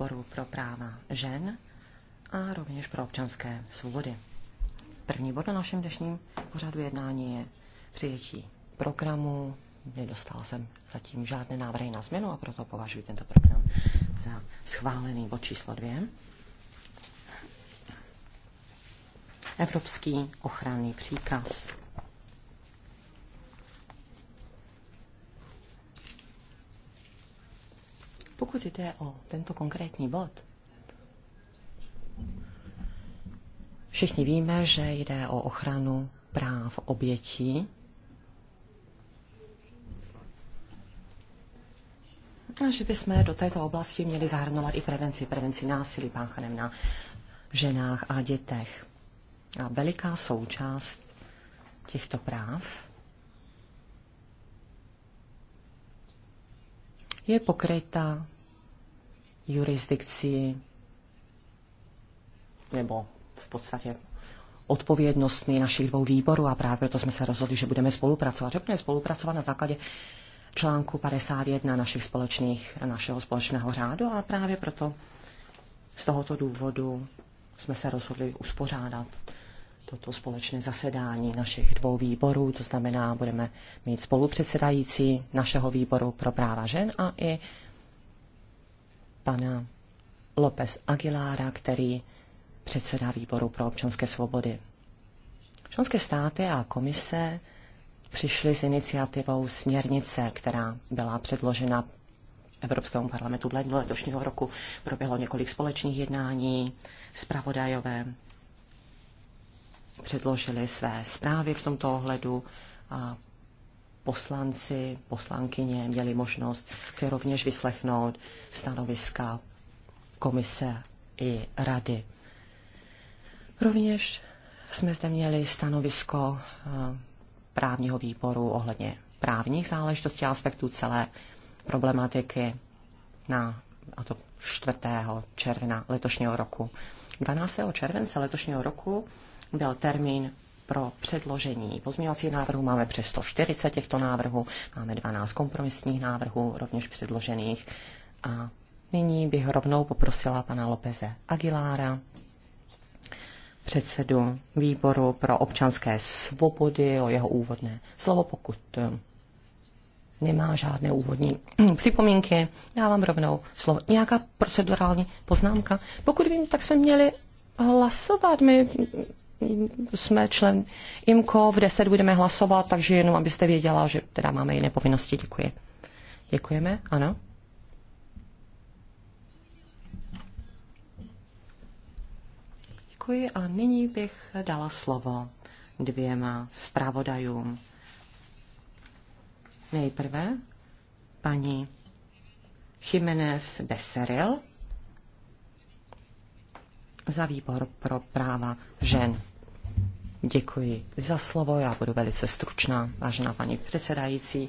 výboru pro práva žen a rovněž pro občanské svobody. První bod na našem dnešním pořadu jednání je přijetí programu. Nedostal jsem zatím žádné návrhy na změnu a proto považuji tento program za schválený bod číslo dvě. Evropský ochranný příkaz. Pokud jde o tento konkrétní bod, všichni víme, že jde o ochranu práv obětí že bychom do této oblasti měli zahrnovat i prevenci, prevenci násilí páchaném na ženách a dětech. A veliká součást těchto práv je pokryta jurisdikcí nebo v podstatě odpovědnostmi našich dvou výborů a právě proto jsme se rozhodli, že budeme spolupracovat. Že budeme spolupracovat na základě článku 51 našich společných, našeho společného řádu a právě proto z tohoto důvodu jsme se rozhodli uspořádat toto společné zasedání našich dvou výborů, to znamená, budeme mít spolupředsedající našeho výboru pro práva žen a i pana López Aguilára, který předsedá výboru pro občanské svobody. Členské státy a komise přišly s iniciativou směrnice, která byla předložena Evropskému parlamentu v lednu letošního roku. Proběhlo několik společných jednání, zpravodajové předložili své zprávy v tomto ohledu a poslanci, poslankyně měli možnost si rovněž vyslechnout stanoviska komise i rady. Rovněž jsme zde měli stanovisko eh, právního výboru ohledně právních záležitostí a aspektů celé problematiky na, a to 4. června letošního roku. 12. července letošního roku byl termín pro předložení pozměňovacích návrhů. Máme přes 140 těchto návrhů, máme 12 kompromisních návrhů, rovněž předložených. A nyní bych rovnou poprosila pana Lopeze Aguilára, předsedu výboru pro občanské svobody, o jeho úvodné slovo, pokud eh, nemá žádné úvodní připomínky. Dávám rovnou slovo. Nějaká procedurální poznámka? Pokud vím, tak jsme měli hlasovat. My jsme člen IMCO, v 10 budeme hlasovat, takže jenom abyste věděla, že teda máme jiné povinnosti. Děkuji. Děkujeme, ano. Děkuji a nyní bych dala slovo dvěma zpravodajům. Nejprve paní Jiménez Beseril, za výbor pro práva žen. Děkuji za slovo, já budu velice stručná, vážená paní předsedající.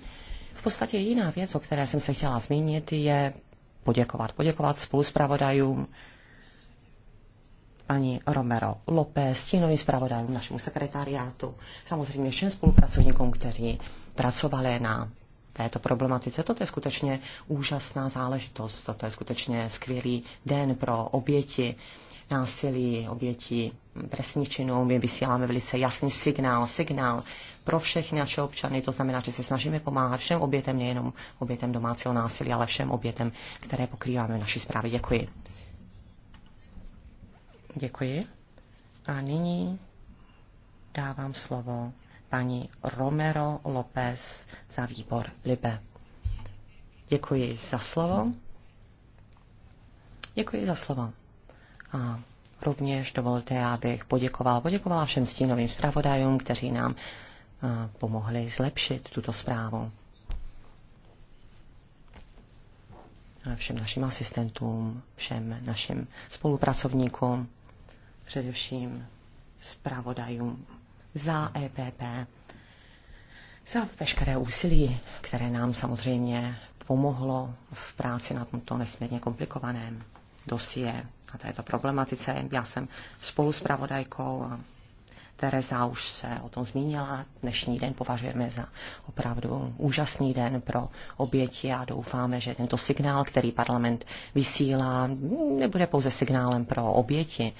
V podstatě jiná věc, o které jsem se chtěla zmínit, je poděkovat. Poděkovat spoluzpravodajům, paní Romero López, stínovým zpravodajům našemu sekretariátu, samozřejmě všem spolupracovníkům, kteří pracovali na této problematice. Toto je skutečně úžasná záležitost, toto je skutečně skvělý den pro oběti násilí, obětí trestných činů. My vysíláme velice jasný signál, signál pro všechny naše občany. To znamená, že se snažíme pomáhat všem obětem, nejenom obětem domácího násilí, ale všem obětem, které pokrýváme v naší zprávě. Děkuji. Děkuji. A nyní dávám slovo paní Romero López za výbor Libe. Děkuji za slovo. Děkuji za slovo. A rovněž dovolte, abych poděkoval, poděkovala všem stínovým zpravodajům, kteří nám pomohli zlepšit tuto zprávu. A všem našim asistentům, všem našim spolupracovníkům, především zpravodajům za EPP, za veškeré úsilí, které nám samozřejmě pomohlo v práci na tomto nesmírně komplikovaném dosie a této problematice. Já jsem spolu s pravodajkou a Tereza už se o tom zmínila. Dnešní den považujeme za opravdu úžasný den pro oběti a doufáme, že tento signál, který parlament vysílá, nebude pouze signálem pro oběti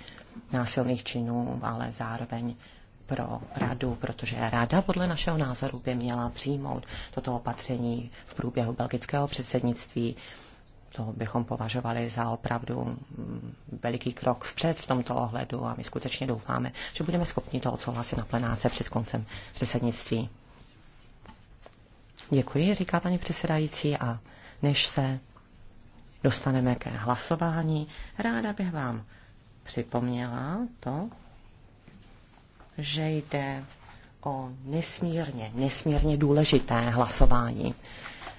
násilných činů, ale zároveň pro radu, protože rada podle našeho názoru by měla přijmout toto opatření v průběhu belgického předsednictví to bychom považovali za opravdu mm, veliký krok vpřed v tomto ohledu a my skutečně doufáme, že budeme schopni to odsouhlasit na plenáce před koncem předsednictví. Děkuji, říká paní předsedající a než se dostaneme ke hlasování, ráda bych vám připomněla to, že jde o nesmírně, nesmírně důležité hlasování.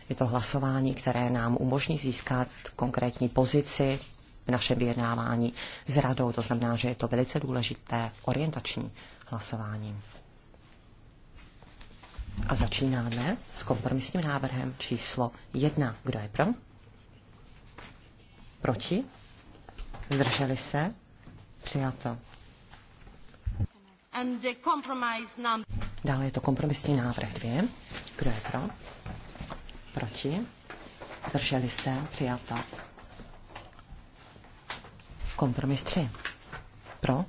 Je to hlasování, které nám umožní získat konkrétní pozici v našem vyjednávání s radou. To znamená, že je to velice důležité orientační hlasování. A začínáme s kompromisním návrhem číslo 1. Kdo je pro? Proti? Zdrželi se? Přijato. Dále je to kompromisní návrh 2. Kdo je pro? Proti? Zdrželi se? Přijato. Kompromis 3. Pro?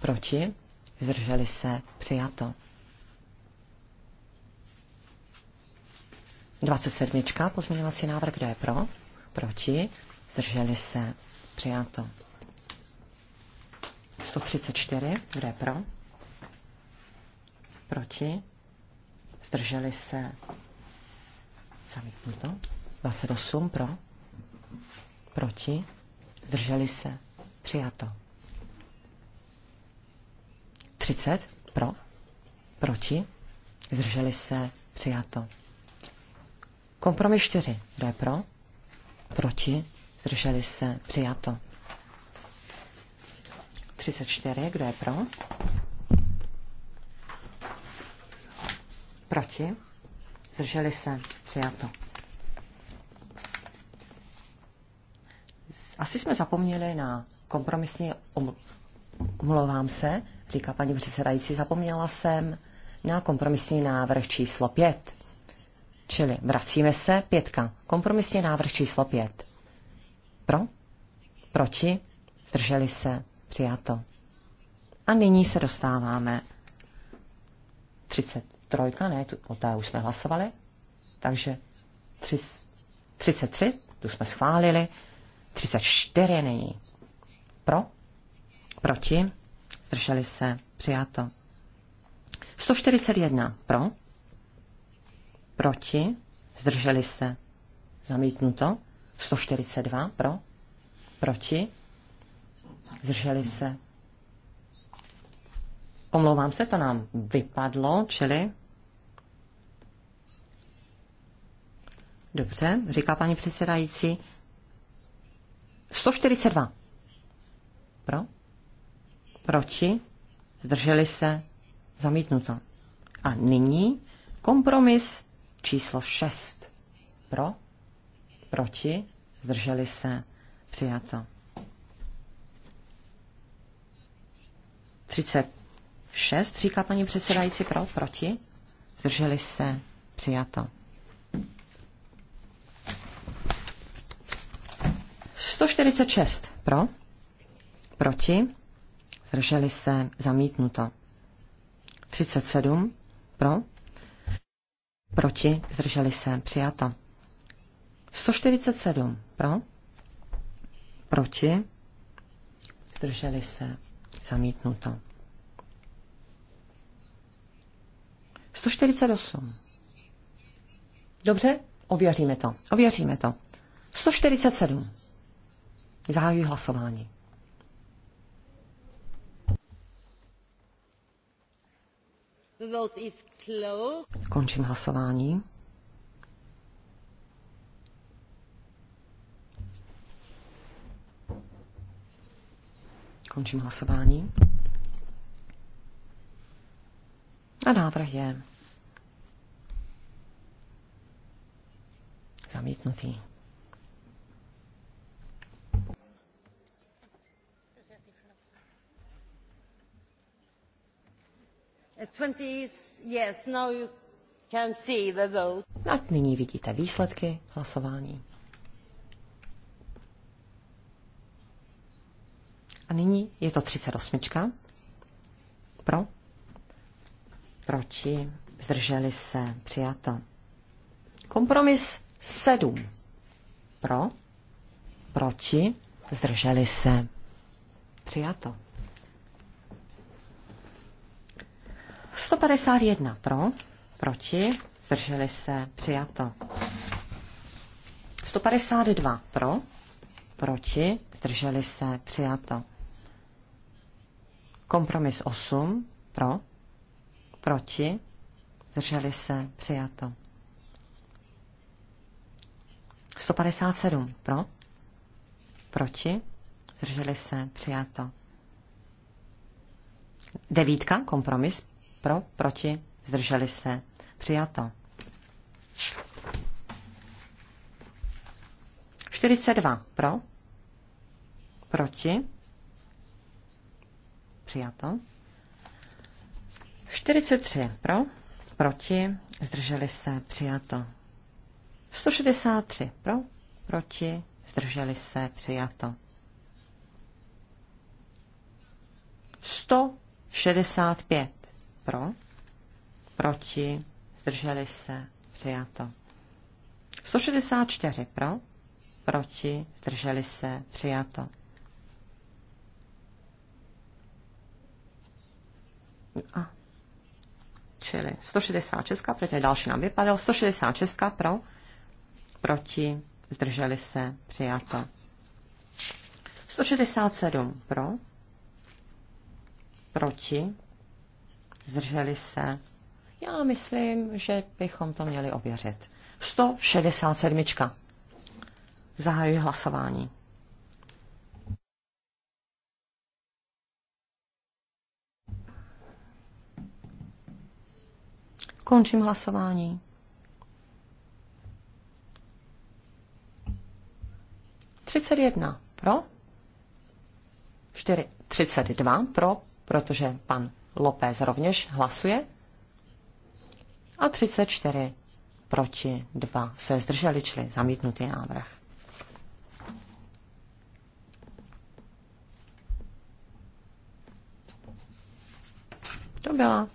Proti? Zdrželi se? Přijato. 27. Pozměňovací návrh. Kdo je pro? Proti? Zdrželi se? Přijato. 134. Kdo je pro? Proti? Zdrželi se? Zamítnuto. 28 pro. Proti. Zdrželi se. Přijato. 30 pro. Proti. Zdrželi se. Přijato. Kompromis 4. Kdo je pro? Proti. Zdrželi se. Přijato. 34. Kdo je pro? Proti. Zdrželi se. Přijato. Asi jsme zapomněli na kompromisní, omlouvám se, říká paní předsedající, zapomněla jsem na kompromisní návrh číslo 5. Čili vracíme se, pětka. Kompromisní návrh číslo 5. Pro? Proti? Zdrželi se? Přijato. A nyní se dostáváme 33, ne, tu, o té už jsme hlasovali. Takže 33, tu jsme schválili, 34 nyní. Pro, proti, zdrželi se, přijato. 141 pro, proti, zdrželi se, zamítnuto. 142 pro, proti, zdrželi se. Omlouvám se, to nám vypadlo, čili Dobře, říká paní předsedající. 142. Pro? Proti? Zdrželi se? Zamítnuto. A nyní kompromis číslo 6. Pro? Proti? Zdrželi se? Přijato. 36, říká paní předsedající, pro, proti, zdrželi se, přijato. 146 pro, proti, zdrželi se, zamítnuto. 37 pro, proti, zdrželi se, přijato. 147 pro, proti, zdrželi se, zamítnuto. 148. Dobře, ověříme to, ověříme to. 147. Zahajuji hlasování. Končím hlasování. Končím hlasování. A návrh je zamítnutý. 20 yes, A nyní vidíte výsledky hlasování. A nyní je to 38. Pro? Proti? Zdrželi se? Přijato. Kompromis 7. Pro? Proti? Zdrželi se? Přijato. 151 pro, proti, zdrželi se, přijato. 152 pro, proti, zdrželi se, přijato. Kompromis 8 pro, proti, zdrželi se, přijato. 157 pro, proti, zdrželi se, přijato. Devítka, kompromis pro, proti, zdrželi se. Přijato. 42. Pro, proti, přijato. 43. Pro, proti, zdrželi se. Přijato. 163. Pro, proti, zdrželi se. Přijato. 165 pro, proti, zdrželi se, přijato. 164 pro, proti, zdrželi se, přijato. A, čili 166, protože další nám vypadal, 166 pro, proti, zdrželi se, přijato. 167 pro, proti, zdrželi se. Já myslím, že bychom to měli ověřit. 167. Zahajuji hlasování. Končím hlasování. Třicet jedna pro, čtyři, třicet dva pro, protože pan López rovněž hlasuje. A 34 proti 2 se zdrželi, čili zamítnutý návrh. To byla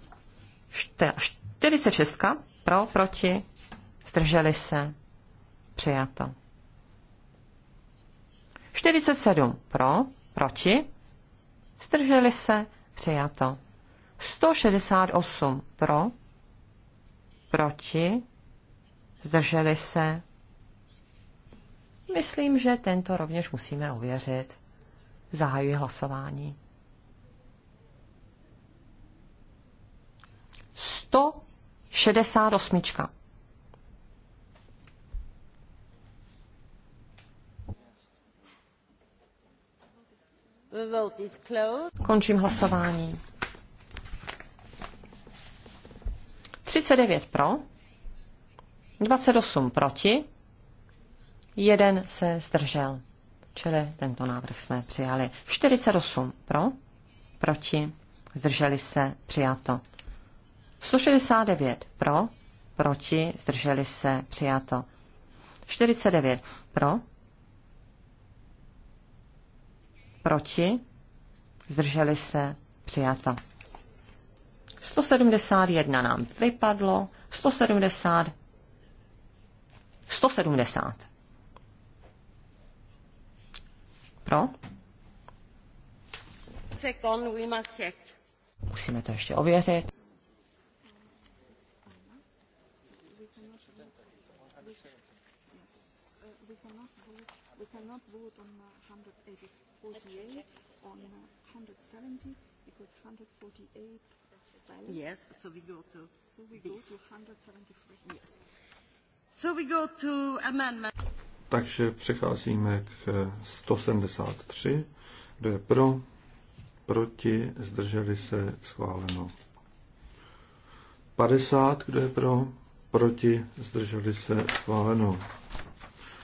46 pro, proti, zdrželi se, přijato. 47 pro, proti, zdrželi se, přijato. 168 pro, proti, zdrželi se. Myslím, že tento rovněž musíme ověřit. Zahajuji hlasování. 168. Končím hlasování. 39 pro, 28 proti, jeden se zdržel. Čili tento návrh jsme přijali. 48 pro, proti, zdrželi se, přijato. 169 pro, proti, zdrželi se, přijato. 49 pro, proti, zdrželi se, přijato. 171 nám vypadlo, 170, 170. Pro? Musíme to ještě ověřit. vote on 148 on 170 because 148 Yes, so we go to so we this. go to 173. Yes. So we go to amendment. Takže přecházíme k 173. Kdo je pro? Proti? Zdrželi se? Schváleno. 50. Kdo je pro? Proti? Zdrželi se? Schváleno.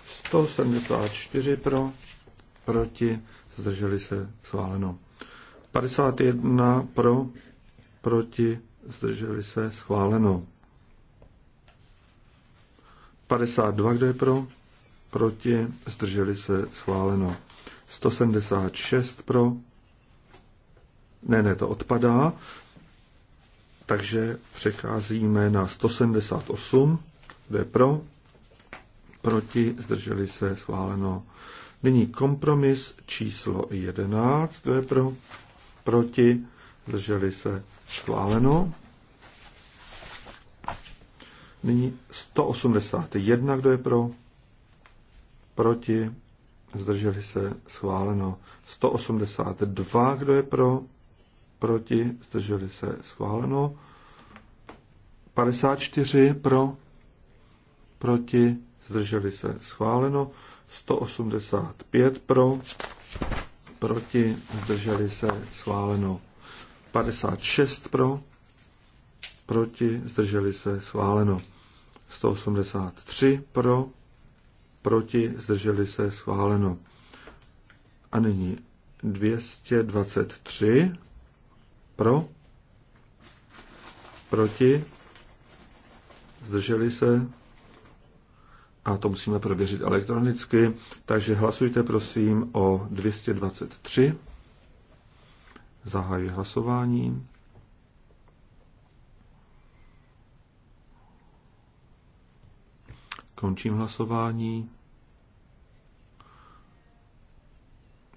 174 pro? Proti? Zdrželi se? Schváleno. 51 pro? proti, zdrželi se, schváleno. 52, kdo je pro, proti, zdrželi se, schváleno. 176 pro, ne, ne, to odpadá, takže přecházíme na 178, kdo je pro, proti, zdrželi se, schváleno. Nyní kompromis číslo 11, kdo je pro, proti, Drželi se schváleno. Nyní 181, kdo je pro, proti, zdrželi se, schváleno. 182, kdo je pro, proti, zdrželi se, schváleno. 54 pro, proti, zdrželi se, schváleno. 185 pro, proti, zdrželi se, schváleno. 56 pro, proti, zdrželi se, schváleno. 183 pro, proti, zdrželi se, schváleno. A nyní 223 pro, proti, zdrželi se, a to musíme prověřit elektronicky, takže hlasujte prosím o 223. Zahajuji hlasování. Končím hlasování.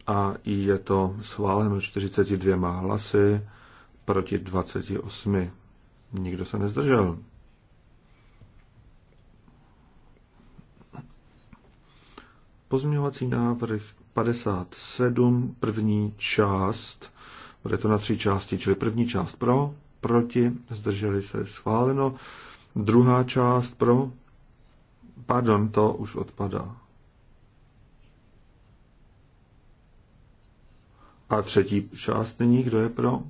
A je to schváleno 42 hlasy proti 28. Nikdo se nezdržel. Pozměňovací návrh 57, první část bude to na tři části, čili první část pro, proti, zdrželi se, schváleno. Druhá část pro, pardon, to už odpadá. A třetí část nyní, kdo je pro,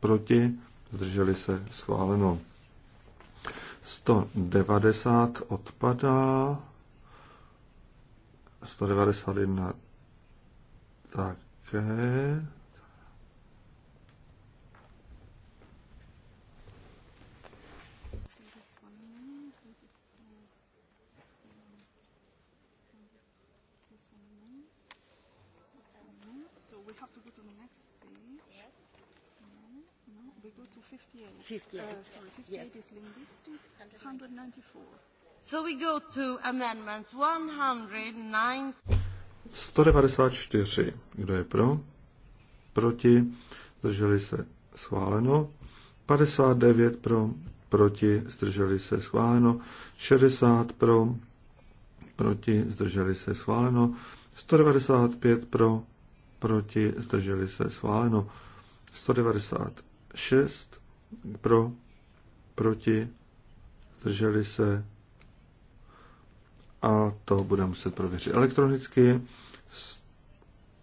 proti, zdrželi se, schváleno. 190 odpadá, 191 také. We go to 58. 58. Uh, 58 yes. is linguistic. 194. So we go to amendments 109. 194. Kdo je pro? Proti? Zdrželi se? Schváleno. 59 pro, proti, zdrželi se schváleno, 60 pro, proti, zdrželi se schváleno, 195 pro, proti, zdrželi se schváleno, 190. 6 pro, proti, zdrželi se a to budeme muset prověřit elektronicky.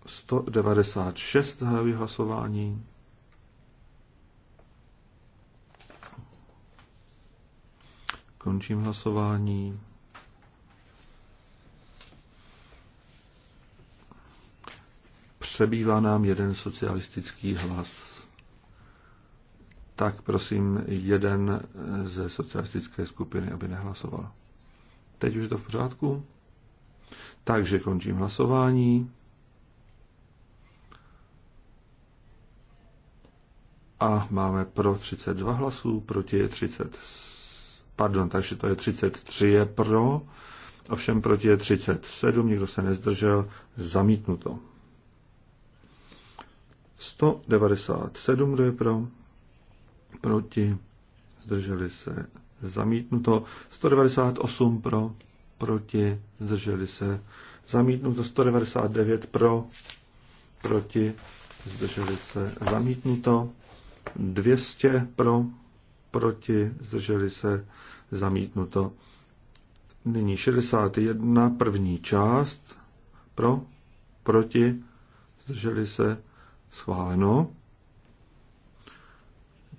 196 zahájí hlasování. Končím hlasování. Přebývá nám jeden socialistický hlas tak prosím jeden ze socialistické skupiny, aby nehlasoval. Teď už je to v pořádku? Takže končím hlasování. A máme pro 32 hlasů, proti je 30. Pardon, takže to je 33 je pro, ovšem proti je 37, nikdo se nezdržel, zamítnuto. 197, kdo je pro, proti, zdrželi se zamítnuto, 198 pro, proti, zdrželi se zamítnuto, 199 pro, proti, zdrželi se zamítnuto, 200 pro, proti, zdrželi se zamítnuto. Nyní 61, první část, pro, proti, zdrželi se, schváleno.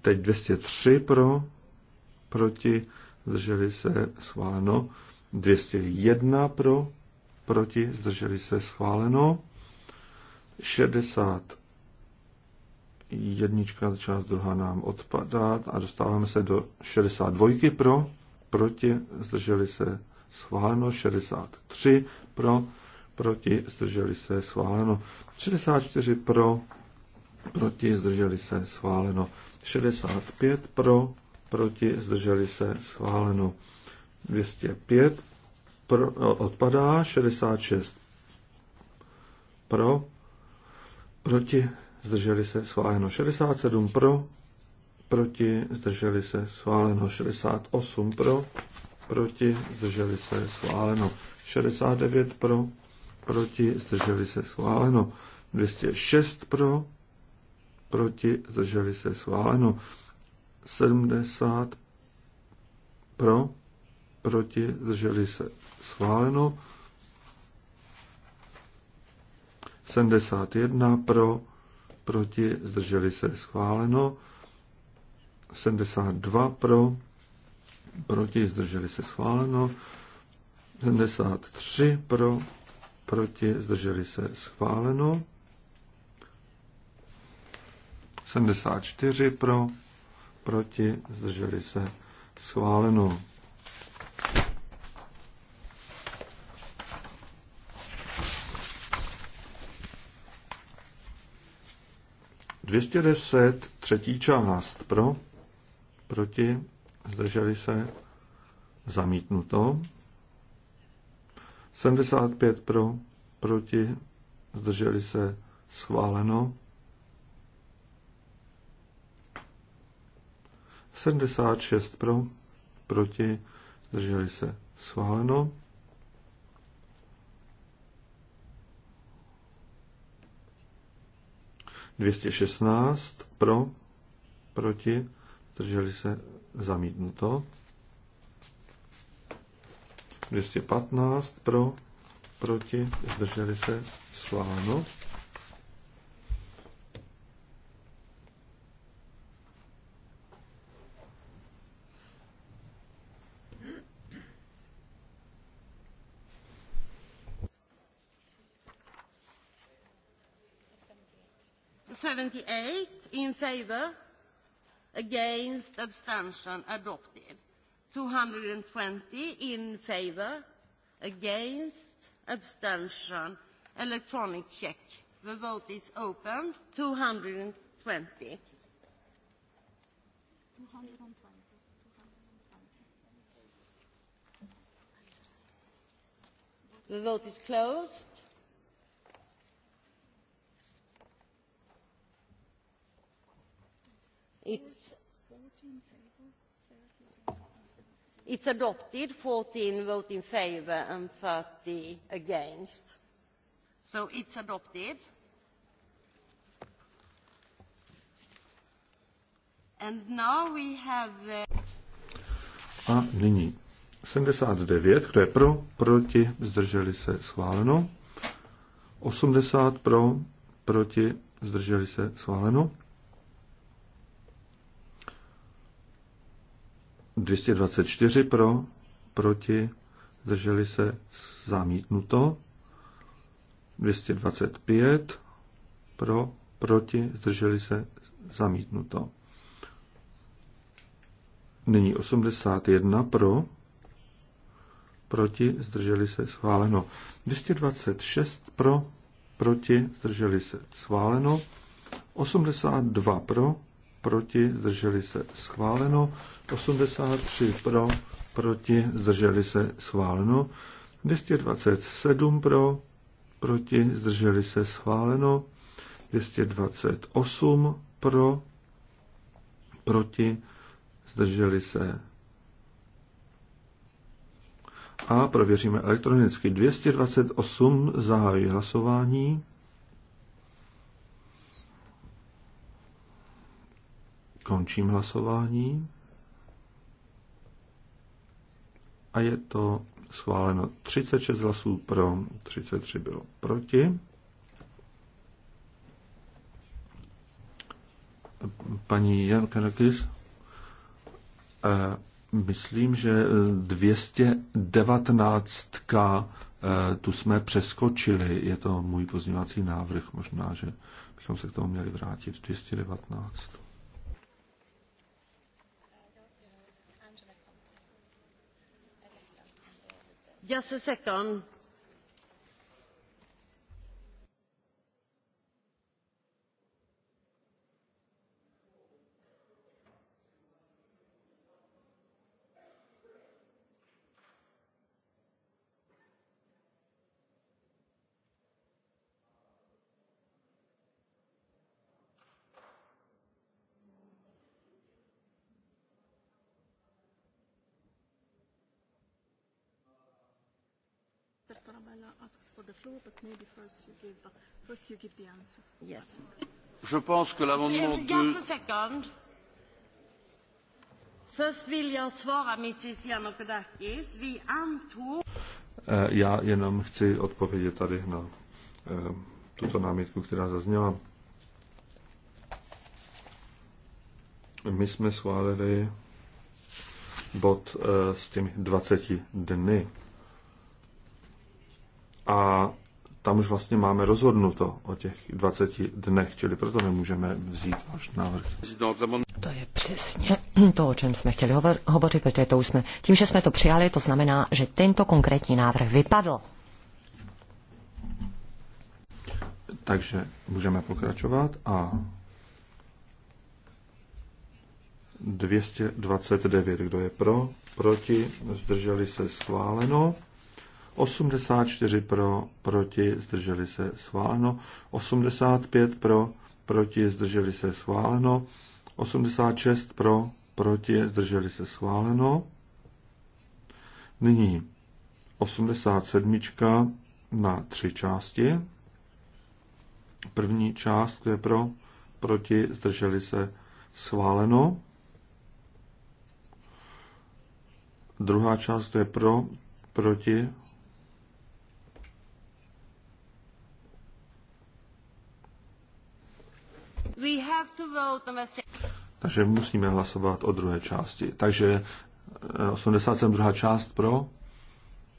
Teď 203 pro, proti, zdrželi se, schváleno. 201 pro, proti, zdrželi se, schváleno. 60 jednička, část druhá nám odpadá a dostáváme se do 62 pro, proti, zdrželi se, schváleno. 63 pro, proti, zdrželi se, schváleno. 64 pro, proti, zdrželi se, schváleno. 65 pro, proti, zdrželi se, schváleno. 205 pro, odpadá, 66 pro, proti, zdrželi se, schváleno. 67 pro, proti, zdrželi se, schváleno. 68 pro, proti, zdrželi se, schváleno. 69 pro, proti, zdrželi se, schváleno. 206 pro, proti, zdrželi se schváleno. 70 pro, proti, zdrželi se schváleno. 71 pro, proti, zdrželi se schváleno. 72 pro, proti, zdrželi se schváleno. 73 pro, proti, zdrželi se schváleno. 74 pro, proti, zdrželi se schváleno. Dvěstě deset, třetí část pro, proti, zdrželi se, zamítnuto. 75 pro, proti, zdrželi se, schváleno. 76 pro, proti, zdrželi se schváleno. Dvěstě šestnáct pro, proti, zdrželi se zamítnuto. 215 pro, proti, zdrželi se schváleno. 78 in favor, against, abstention, adopted. 220 in favor, against, abstention, electronic check. The vote is open. 220. 220. The vote is closed It's it's adopted 14 vote in favour and 30 against so it's adopted and now we have uh, a nyní 79 kdo je pro proti zdrželi se schváleno 80 pro proti zdrželi se schváleno 224 pro, proti, zdrželi se zamítnuto. 225 pro, proti, zdrželi se zamítnuto. Nyní 81 pro, proti, zdrželi se schváleno. 226 pro, proti, zdrželi se schváleno. 82 pro, proti, zdrželi se schváleno. 83 pro, proti, zdrželi se schváleno. 227 pro, proti, zdrželi se schváleno. 228 pro, proti, zdrželi se. A prověříme elektronicky. 228 zahájí hlasování. Končím hlasování. A je to schváleno 36 hlasů pro, 33 bylo proti. Paní Jan Kanakis, eh, myslím, že 219 eh, tu jsme přeskočili. Je to můj pozměňovací návrh, možná, že bychom se k tomu měli vrátit. 219. Just a second. Je pense que l'amendement 2... Eh, já jenom chci odpovědět tady na eh, tuto námitku, která zazněla. My jsme schválili bod eh, s těmi 20 dny a tam už vlastně máme rozhodnuto o těch 20 dnech, čili proto nemůžeme vzít váš návrh. To je přesně to, o čem jsme chtěli hovor- hovořit, protože to už jsme, tím, že jsme to přijali, to znamená, že tento konkrétní návrh vypadl. Takže můžeme pokračovat a 229, kdo je pro, proti, zdrželi se schváleno. 84 pro, proti, zdrželi se schváleno. 85 pro, proti, zdrželi se schváleno. 86 pro, proti, zdrželi se schváleno. Nyní 87 na tři části. První část, kde pro, proti, zdrželi se schváleno. Druhá část, kde pro, proti, Takže musíme hlasovat o druhé části. Takže 87. Eh, druhá část pro,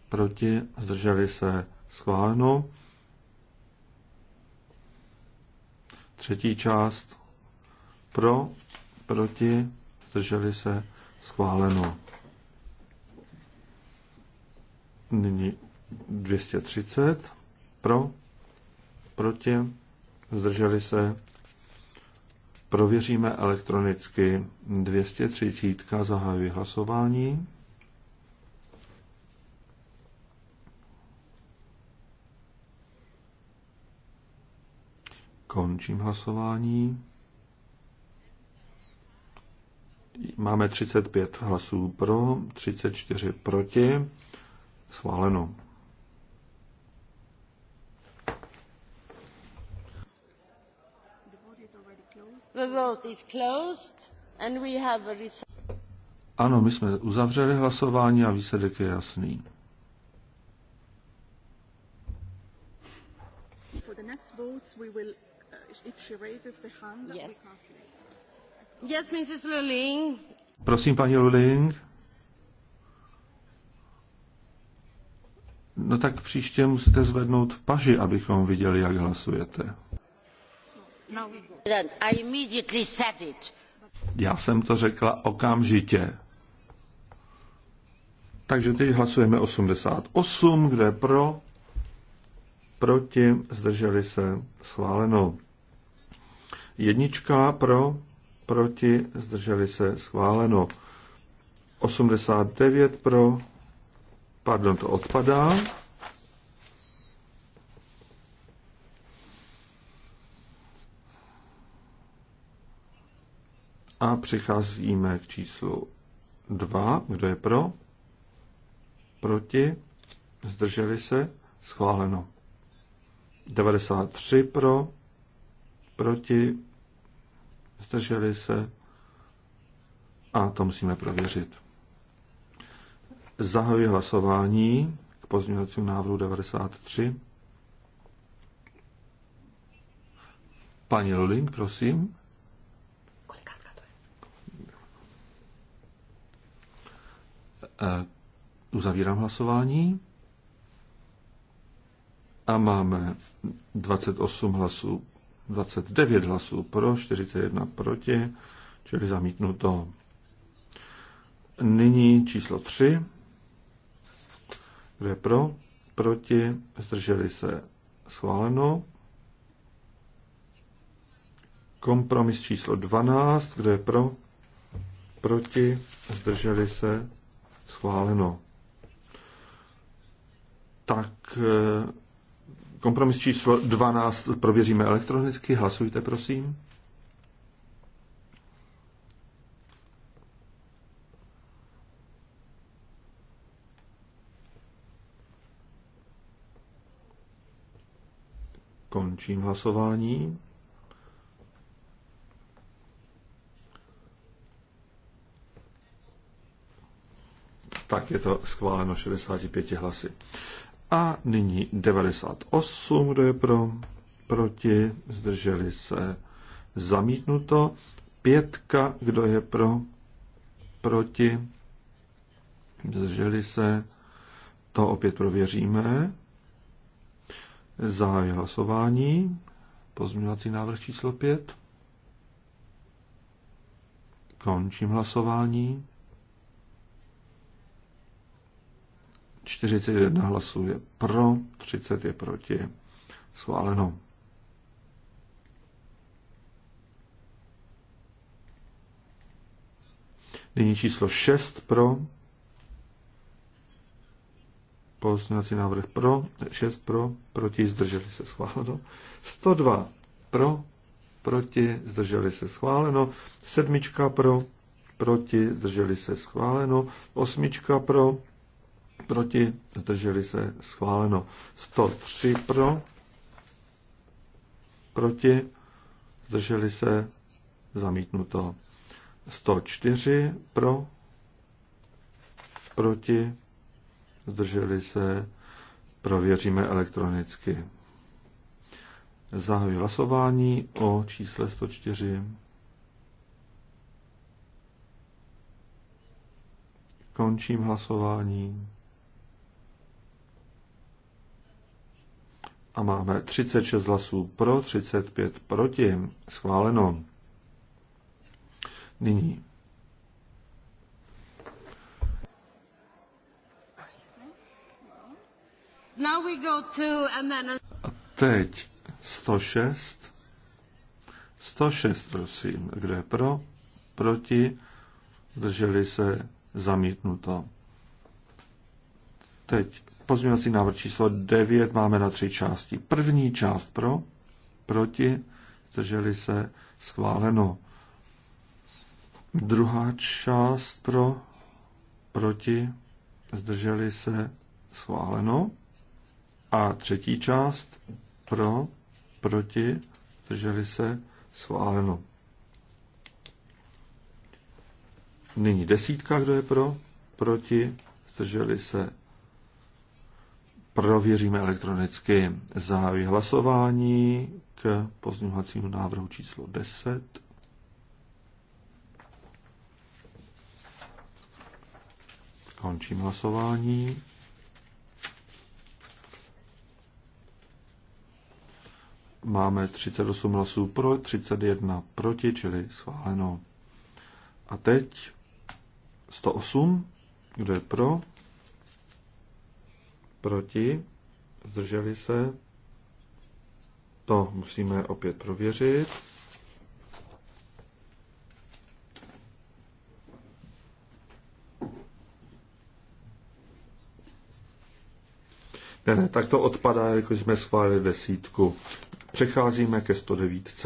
proti, zdrželi se schváleno. Třetí část pro, proti, zdrželi se schváleno. Nyní 230 pro, proti, zdrželi se Prověříme elektronicky 230. Zahajuji hlasování. Končím hlasování. Máme 35 hlasů pro, 34 proti. Schváleno. Ano, my jsme uzavřeli hlasování a výsledek je jasný. Uh, Prosím, paní Luling. No tak příště musíte zvednout paži, abychom viděli, jak hlasujete. Já jsem to řekla okamžitě. Takže teď hlasujeme 88, kde pro, proti, zdrželi se, schváleno. Jednička pro, proti, zdrželi se, schváleno. 89 pro, pardon, to odpadá. A přicházíme k číslu 2. Kdo je pro? Proti? Zdrželi se? Schváleno. 93 pro? Proti? Zdrželi se? A to musíme prověřit. Zahajuji hlasování k pozměňovacímu návrhu 93. Paní Luling, prosím. Eh, uzavírám hlasování. A máme 28 hlasů, 29 hlasů pro, 41 proti, čili zamítnuto. Nyní číslo 3. Kdo je pro? Proti? Zdrželi se? Schváleno. Kompromis číslo 12. Kdo je pro? Proti? Zdrželi se? Schváleno. Tak eh, kompromis číslo 12 prověříme elektronicky. Hlasujte, prosím. Končím hlasování. tak je to schváleno 65 hlasy. A nyní 98, kdo je pro, proti, zdrželi se, zamítnuto. Pětka, kdo je pro, proti, zdrželi se, to opět prověříme. Zahájí hlasování. Pozměňovací návrh číslo 5. Končím hlasování. 41 hlasů je pro, 30 je proti. Schváleno. Nyní číslo 6 pro. Pozměňovací návrh pro, 6 pro, proti, zdrželi se schváleno. 102 pro, proti, zdrželi se schváleno. Sedmička pro, proti, zdrželi se schváleno. Osmička pro, proti, zdrželi se, schváleno. 103 pro, proti, zdrželi se, zamítnuto. 104 pro, proti, zdrželi se, prověříme elektronicky. Zahajuji hlasování o čísle 104. Končím hlasování. a máme 36 hlasů pro, 35 proti. Schváleno. Nyní. Now we go to A teď 106. 106, prosím. Kdo je pro? Proti? Drželi se zamítnuto. Teď Pozměňovací návrh číslo 9 máme na tři části. První část pro, proti, zdrželi se, schváleno. Druhá část pro, proti, zdrželi se, schváleno. A třetí část pro, proti, zdrželi se, schváleno. Nyní desítka, kdo je pro, proti, zdrželi se, prověříme elektronicky. Zahájí hlasování k pozměňovacímu návrhu číslo 10. Končím hlasování. Máme 38 hlasů pro, 31 proti, čili schváleno. A teď 108, kdo je pro? proti, zdrželi se, to musíme opět prověřit. Ne, ne, tak to odpadá, jako jsme schválili desítku. Přecházíme ke 109.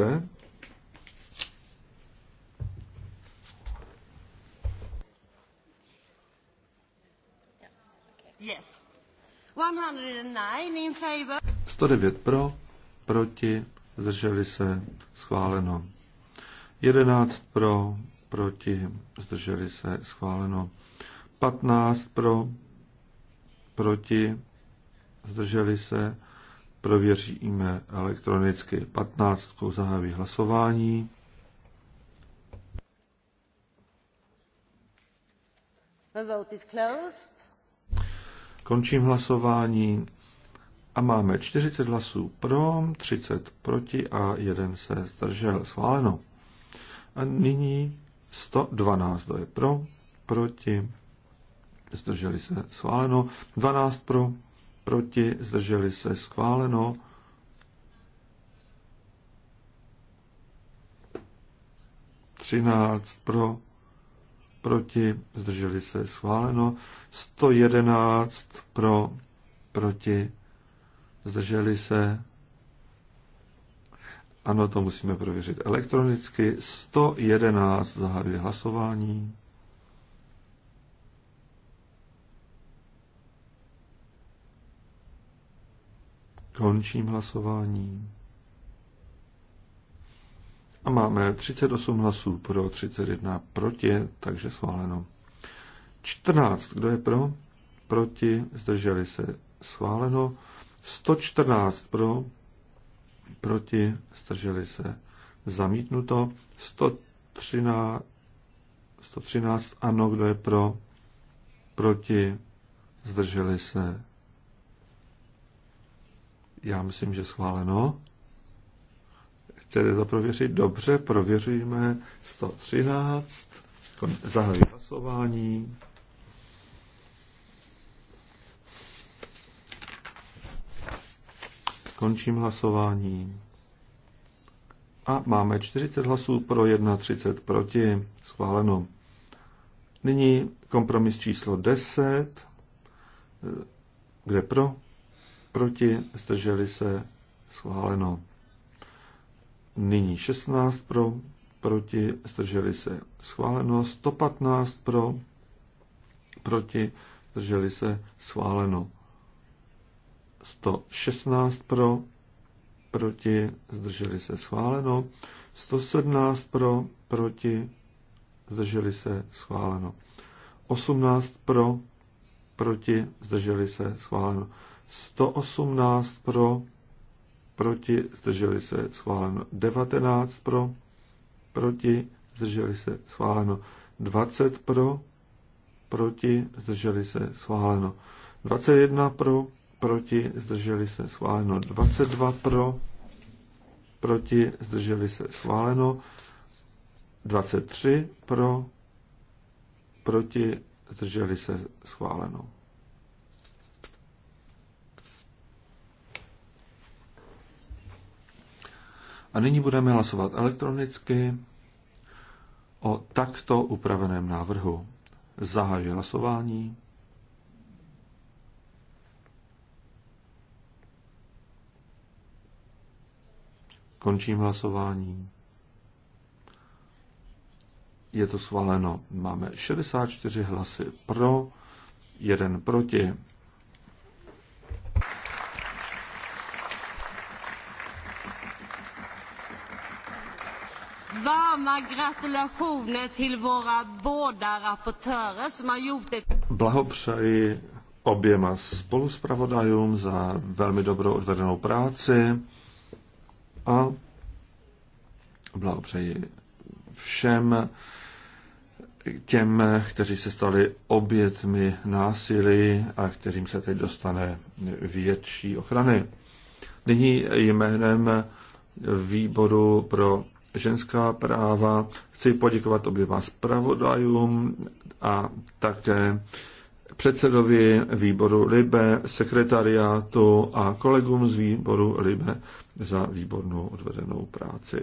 109 pro, proti, zdrželi se, schváleno. 11 pro, proti, zdrželi se, schváleno. 15 pro, proti, zdrželi se, prověříme elektronicky. 15 zahájí hlasování. The vote is closed. Končím hlasování a máme 40 hlasů pro, 30 proti a jeden se zdržel. Schváleno. A nyní 112, to je pro, proti, zdrželi se, schváleno. 12 pro, proti, zdrželi se, schváleno. Třináct pro, proti, zdrželi se schváleno, 111 pro, proti, zdrželi se, ano, to musíme prověřit elektronicky, 111 zahajuje hlasování. Končím hlasování. A máme 38 hlasů pro, 31 proti, takže schváleno. 14, kdo je pro? Proti, zdrželi se, schváleno. 114 pro, proti, zdrželi se, zamítnuto. 113, 113 ano, kdo je pro? Proti, zdrželi se. Já myslím, že schváleno. Chcete to prověřit? Dobře, prověřujeme 113. Zahajuji hlasování. Končím hlasování. A máme 40 hlasů pro, 31 proti. Schváleno. Nyní kompromis číslo 10. Kde pro? Proti? Zdrželi se? Schváleno nyní 16 pro, proti, zdrželi se schváleno, 115 pro, proti, zdrželi se schváleno, 116 pro, proti, zdrželi se schváleno, 117 pro, proti, zdrželi se schváleno, 18 pro, proti, zdrželi se schváleno, 118 pro, proti, zdrželi se, schváleno 19 pro, proti, zdrželi se, schváleno 20 pro, proti, zdrželi se, schváleno 21 pro, proti, zdrželi se, schváleno 22 pro, proti, zdrželi se, schváleno 23 pro, proti, zdrželi se, schváleno. A nyní budeme hlasovat elektronicky o takto upraveném návrhu. Zahajuji hlasování. Končím hlasování. Je to schváleno. Máme 64 hlasy pro, jeden proti. Varma gratulationer till våra båda rapportörer som har gjort ett... Blahopřeji oběma spoluspravodajům za velmi dobrou odvedenou práci a blahopřeji všem těm, kteří se stali obětmi násilí a kterým se teď dostane větší ochrany. Nyní jménem výboru pro ženská práva. Chci poděkovat oběma zpravodajům a také předsedovi výboru Libe, sekretariátu a kolegům z výboru Libe za výbornou odvedenou práci.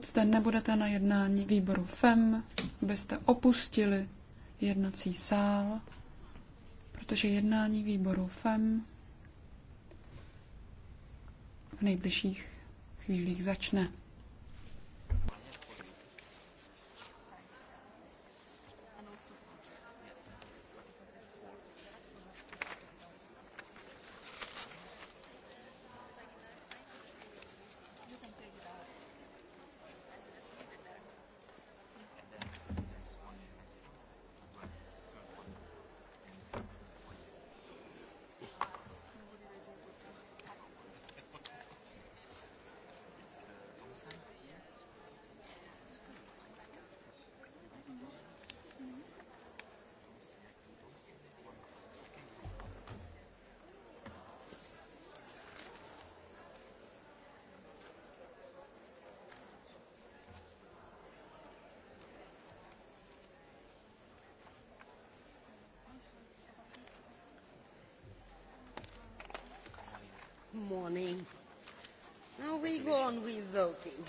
pokud zde nebudete na jednání výboru FEM, byste opustili jednací sál, protože jednání výboru FEM v nejbližších chvílích začne. on revoting.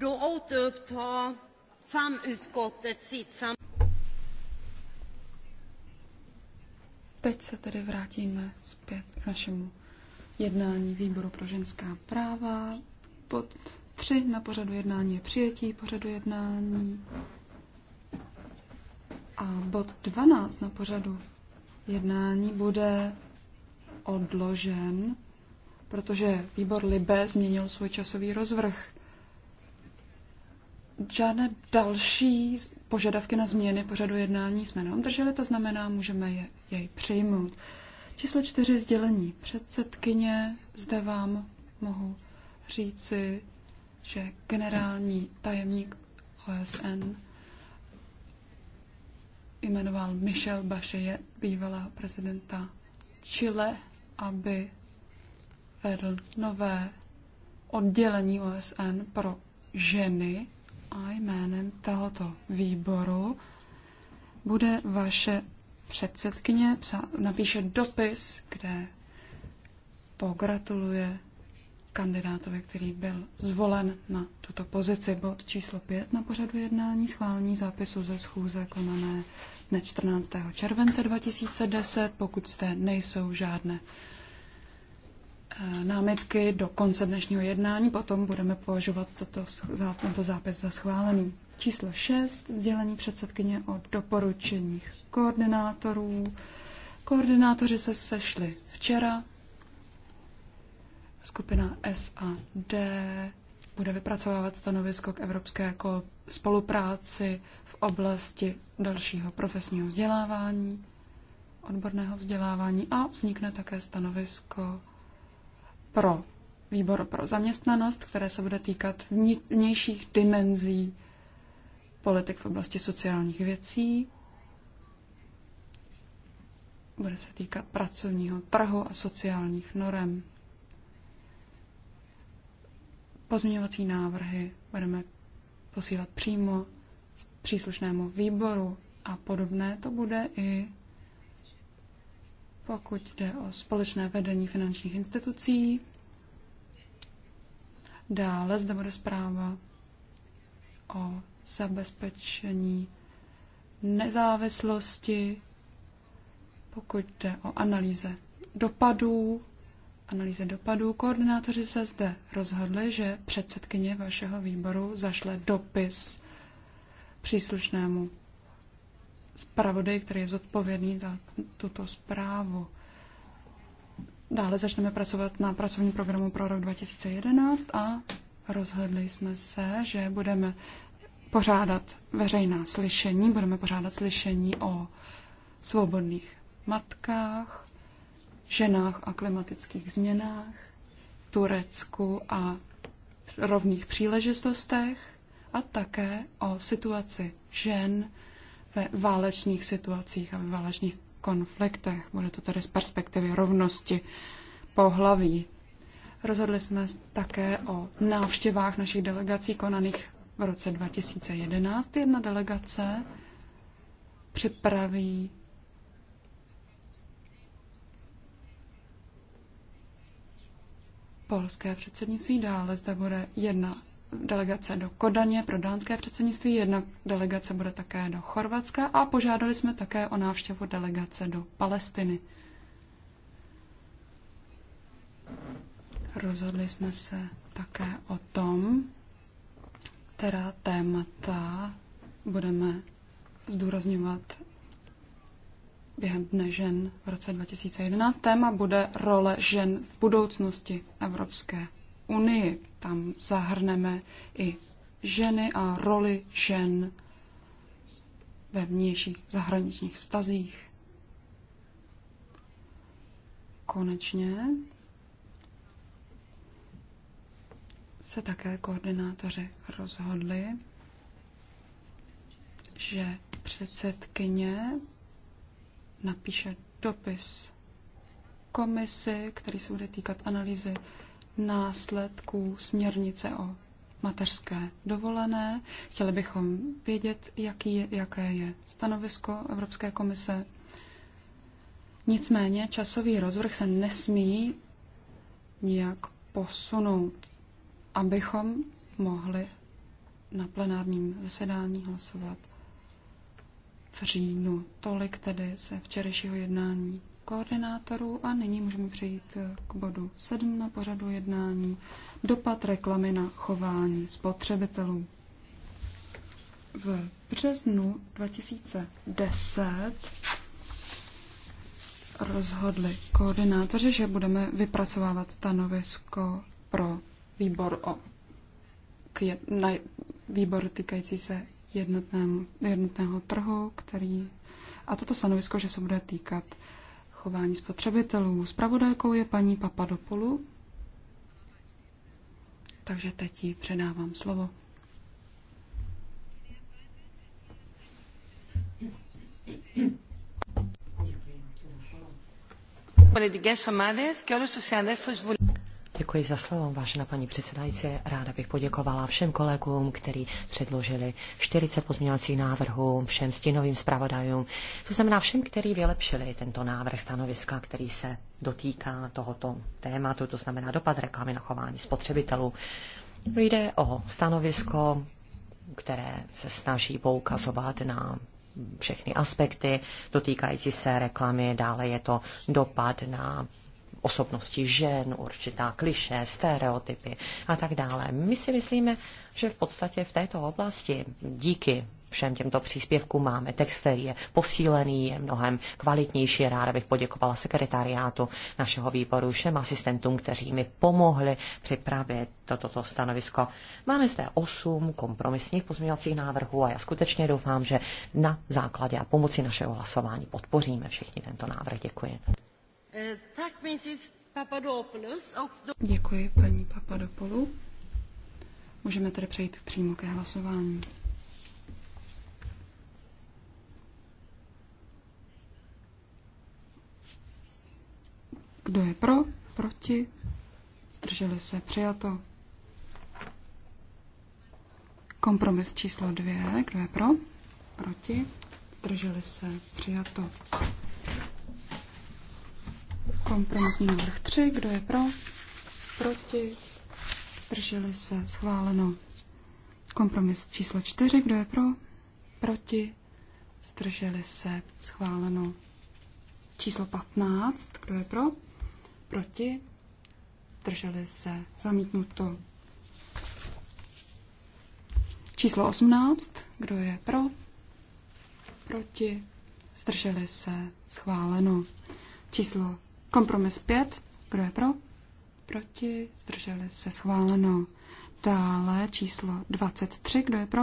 Då återupptar samutskottet sitt sam... Teď se tedy vrátíme zpět k našemu jednání výboru pro ženská práva. Pod tři na pořadu jednání je přijetí pořadu jednání. A bod 12 na pořadu jednání bude odložen, protože výbor Libe změnil svůj časový rozvrh žádné další požadavky na změny pořadu jednání jsme neobdrželi, to znamená, můžeme je, jej přijmout. Číslo čtyři sdělení předsedkyně. Zde vám mohu říci, že generální tajemník OSN jmenoval Michel Bašeje, bývalého prezidenta Chile, aby vedl nové oddělení OSN pro ženy a jménem tohoto výboru bude vaše předsedkyně napíše dopis, kde pogratuluje kandidátovi, který byl zvolen na tuto pozici. Bod číslo 5 na pořadu jednání schválení zápisu ze schůze konané dne 14. července 2010. Pokud jste nejsou žádné Eh, námitky do konce dnešního jednání, potom budeme považovat toto, tento zápis za schválený. Číslo 6, sdělení předsedkyně o doporučeních koordinátorů. Koordinátoři se sešli včera. Skupina SAD bude vypracovávat stanovisko k evropské spolupráci v oblasti dalšího profesního vzdělávání, odborného vzdělávání a vznikne také stanovisko pro výbor pro zaměstnanost, které se bude týkat vnějších dimenzí politik v oblasti sociálních věcí, bude se týkat pracovního trhu a sociálních norem. Pozměňovací návrhy budeme posílat přímo příslušnému výboru a podobné to bude i pokud jde o společné vedení finančních institucí. Dále zde bude zpráva o zabezpečení nezávislosti, pokud jde o analýze dopadů. Analýze dopadů koordinátoři se zde rozhodli, že předsedkyně vašeho výboru zašle dopis příslušnému zpravodaj, který je zodpovědný za tuto zprávu. Dále začneme pracovat na pracovním programu pro rok 2011 a rozhodli jsme se, že budeme pořádat veřejná slyšení, budeme pořádat slyšení o svobodných matkách, ženách a klimatických změnách, Turecku a rovných příležitostech a také o situaci žen ve válečných situacích a ve válečných konfliktech. Bude to tedy z perspektivy rovnosti pohlaví. Rozhodli jsme také o návštěvách našich delegací konaných v roce 2011. Jedna delegace připraví polské předsednictví dále. Zde bude jedna delegace do Kodaně pro dánské předsednictví, jedna delegace bude také do Chorvatska a požádali jsme také o návštěvu delegace do Palestiny. Rozhodli jsme se také o tom, která témata budeme zdůrazňovat během Dne žen v roce 2011. Téma bude role žen v budoucnosti Evropské unii. Tam zahrneme i ženy a roli žen ve vnějších zahraničních vztazích. Konečně se také koordinátoři rozhodli, že předsedkyně napíše dopis komisi, který se bude týkat analýzy následků směrnice o mateřské dovolené. Chtěli bychom vědět, jaký je, jaké je stanovisko Evropské komise. Nicméně časový rozvrh se nesmí nijak posunout, abychom mohli na plenárním zasedání hlasovat v říjnu. Tolik tedy se včerejšího jednání koordinátorů a nyní můžeme přejít k bodu 7 na pořadu jednání. Dopad reklamy na chování spotřebitelů. V březnu 2010 rozhodli koordinátoři, že budeme vypracovávat stanovisko pro výbor o k jed, na výbor týkající se jednotnému, jednotného trhu, který a toto stanovisko, že se bude týkat chování spotřebitelů. Spravodajkou je paní Papadopolu, takže teď ji předávám slovo. Děkuji Děkuji. slovo. Děkuji za slovo, vážená paní předsedající. Ráda bych poděkovala všem kolegům, kteří předložili 40 pozměňovacích návrhů, všem stínovým zpravodajům, to znamená všem, kteří vylepšili tento návrh stanoviska, který se dotýká tohoto tématu, to znamená dopad reklamy na chování spotřebitelů. Jde o stanovisko, které se snaží poukazovat na všechny aspekty dotýkající se reklamy, dále je to dopad na osobnosti žen, určitá kliše, stereotypy a tak dále. My si myslíme, že v podstatě v této oblasti díky všem těmto příspěvkům máme text, který je posílený, je mnohem kvalitnější. Ráda bych poděkovala sekretariátu našeho výboru, všem asistentům, kteří mi pomohli připravit toto to, to stanovisko. Máme zde osm kompromisních pozměňovacích návrhů a já skutečně doufám, že na základě a pomoci našeho hlasování podpoříme všichni tento návrh. Děkuji. Děkuji, paní Papadopoulou. Můžeme tedy přejít přímo ke hlasování. Kdo je pro, proti, zdrželi se, přijato. Kompromis číslo dvě, kdo je pro, proti, zdrželi se, přijato. Kompromisní návrh 3. Kdo je pro? Proti? Zdrželi se? Schváleno. Kompromis číslo 4. Kdo je pro? Proti? Zdrželi se? Schváleno. Číslo 15. Kdo je pro? Proti? Zdrželi se? Zamítnuto. Číslo 18. Kdo je pro? Proti? Zdrželi se? Schváleno. Číslo Kompromis 5. Kdo je pro? Proti? Zdrželi se schváleno. Dále číslo 23. Kdo je pro?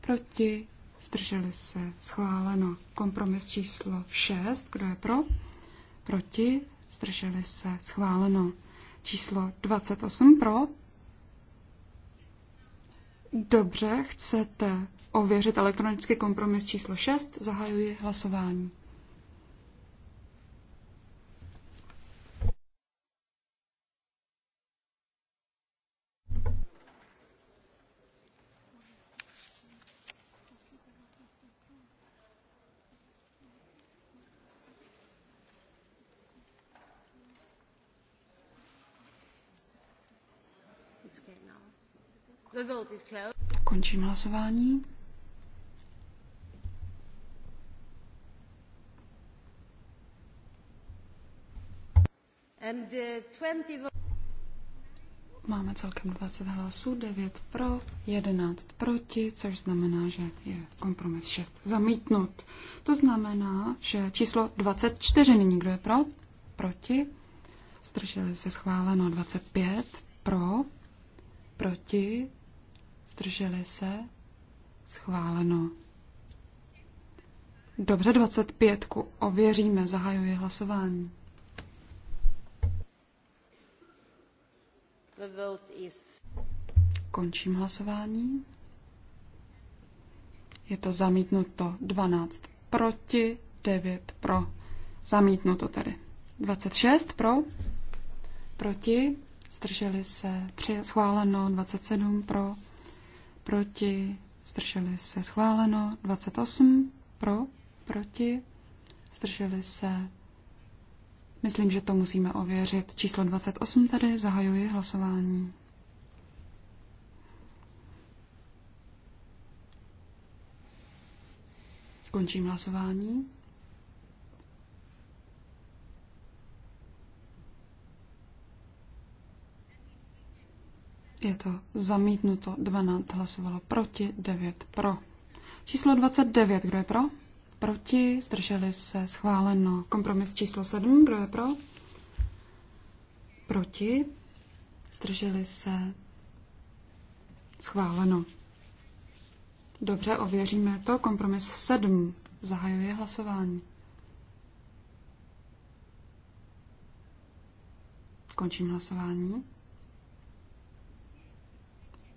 Proti? Zdrželi se schváleno. Kompromis číslo 6. Kdo je pro? Proti? Zdrželi se schváleno. Číslo 28 pro. Dobře, chcete ověřit elektronický kompromis číslo 6. Zahajuji hlasování. Končím hlasování. Eh, Máme celkem 20 hlasů, 9 pro, 11 proti, což znamená, že je kompromis 6 zamítnut. To znamená, že číslo 24 nyní kdo je pro, proti, zdrželi se schváleno 25 pro, proti, Zdrželi se? Schváleno. Dobře, 25. Ověříme, zahajuji hlasování. Končím hlasování. Je to zamítnuto 12 proti, 9 pro. Zamítnuto tedy. 26 pro, proti, zdrželi se, při, schváleno 27 pro, proti, zdrželi se schváleno, 28 pro, proti, zdrželi se. Myslím, že to musíme ověřit. Číslo 28 tady zahajuji hlasování. Končím hlasování. Je to zamítnuto. 12 hlasovalo proti, 9 pro. Číslo 29, kdo je pro? Proti, zdrželi se, schváleno. Kompromis číslo 7, kdo je pro? Proti, zdrželi se, schváleno. Dobře, ověříme to. Kompromis 7 zahajuje hlasování. Končím hlasování.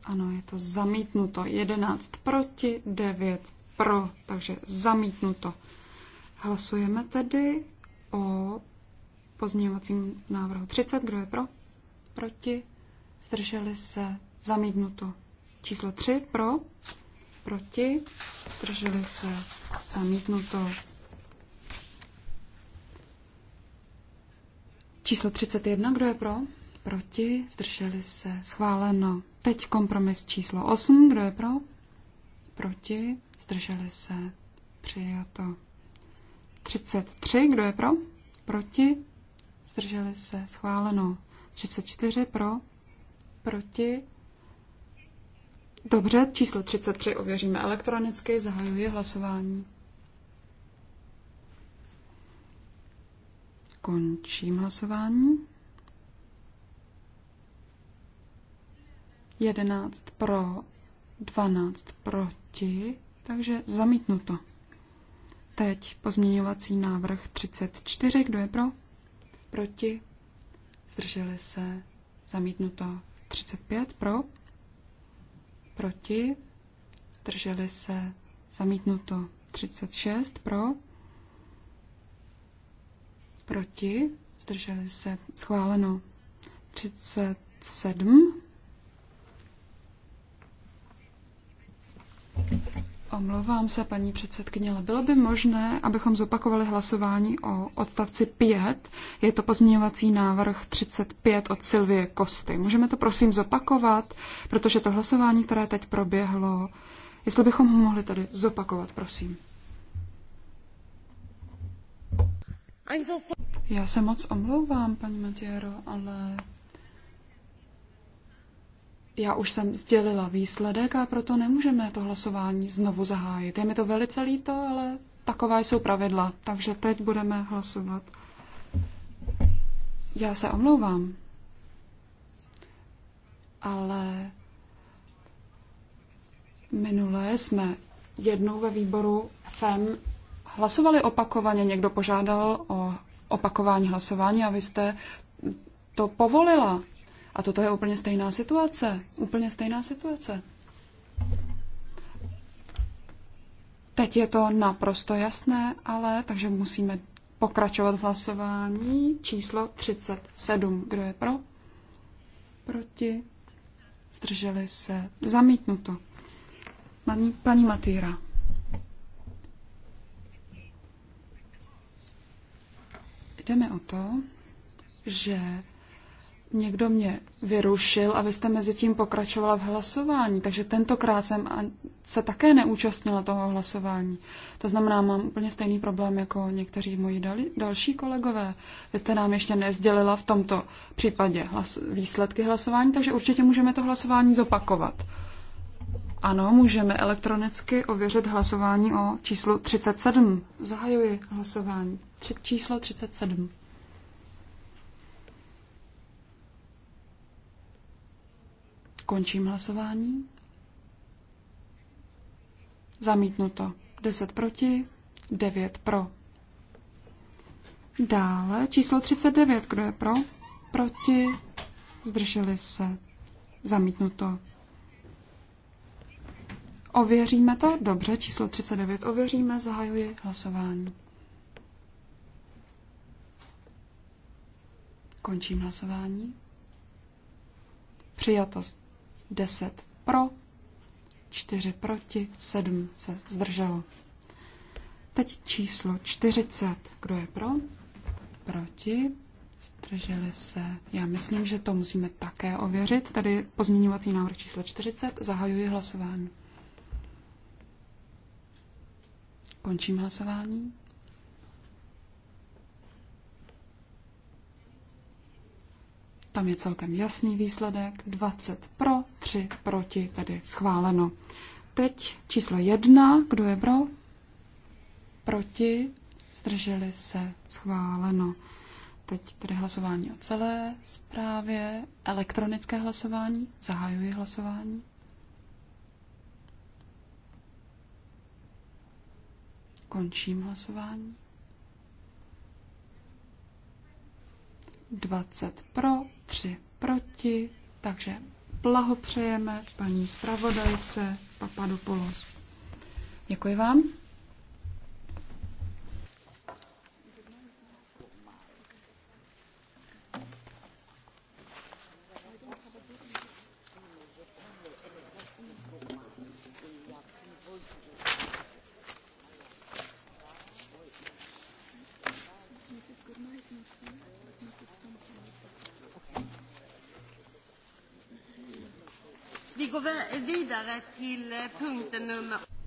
Ano, je to zamítnuto. 11 proti, 9 pro, takže zamítnuto. Hlasujeme tedy o pozměňovacím návrhu 30. Kdo je pro? Proti? Zdrželi se? Zamítnuto. Číslo 3 pro? Proti? Zdrželi se? Zamítnuto. Číslo 31. Kdo je pro? Proti? Zdrželi se? Schváleno. Teď kompromis číslo 8. Kdo je pro? Proti? Zdrželi se? Přijato. 33. Kdo je pro? Proti? Zdrželi se? Schváleno. 34. Pro? Proti? Dobře, číslo 33 ověříme elektronicky. Zahajuji hlasování. Končím hlasování. 11 pro, 12 proti, takže zamítnuto. Teď pozměňovací návrh 34, kdo je pro? Proti, zdrželi se, zamítnuto 35 pro, proti, zdrželi se, zamítnuto 36 pro, proti, zdrželi se, schváleno 37 Omlouvám se, paní předsedkyně, ale bylo by možné, abychom zopakovali hlasování o odstavci 5. Je to pozměňovací návrh 35 od Silvie Kosty. Můžeme to prosím zopakovat, protože to hlasování, které teď proběhlo, jestli bychom ho mohli tady zopakovat, prosím. Já se moc omlouvám, paní Matěro, ale já už jsem sdělila výsledek a proto nemůžeme to hlasování znovu zahájit. Je mi to velice líto, ale taková jsou pravidla. Takže teď budeme hlasovat. Já se omlouvám, ale minule jsme jednou ve výboru FEM hlasovali opakovaně. Někdo požádal o opakování hlasování a vy jste to povolila. A toto je úplně stejná situace. Úplně stejná situace. Teď je to naprosto jasné, ale takže musíme pokračovat v hlasování. Číslo 37. Kdo je pro? Proti? Zdrželi se. Zamítnuto. Paní, paní Matýra. Jdeme o to, že Někdo mě vyrušil a vy jste mezi tím pokračovala v hlasování, takže tentokrát jsem se také neúčastnila toho hlasování. To znamená, mám úplně stejný problém jako někteří moji další kolegové. Vy jste nám ještě nezdělila v tomto případě hlas, výsledky hlasování, takže určitě můžeme to hlasování zopakovat. Ano, můžeme elektronicky ověřit hlasování o číslu 37. Zahajuji hlasování. Tři, číslo 37. Končím hlasování. Zamítnuto. 10 proti, 9 pro. Dále číslo 39. Kdo je pro? Proti. Zdrželi se. Zamítnuto. Ověříme to? Dobře, číslo 39 ověříme, zahajuji hlasování. Končím hlasování. Přijatost. 10 pro, 4 proti, 7 se zdrželo. Teď číslo 40. Kdo je pro? Proti. Zdrželi se. Já myslím, že to musíme také ověřit. Tady pozměňovací návrh číslo 40. Zahajuji hlasování. Končím hlasování. Tam je celkem jasný výsledek. 20 pro, 3 proti, tedy schváleno. Teď číslo 1. Kdo je pro? Proti. Zdrželi se. Schváleno. Teď tedy hlasování o celé zprávě. Elektronické hlasování. Zahajuji hlasování. Končím hlasování. 20 pro, 3 proti, takže blahopřejeme paní zpravodajce Papadopoulos. Děkuji vám.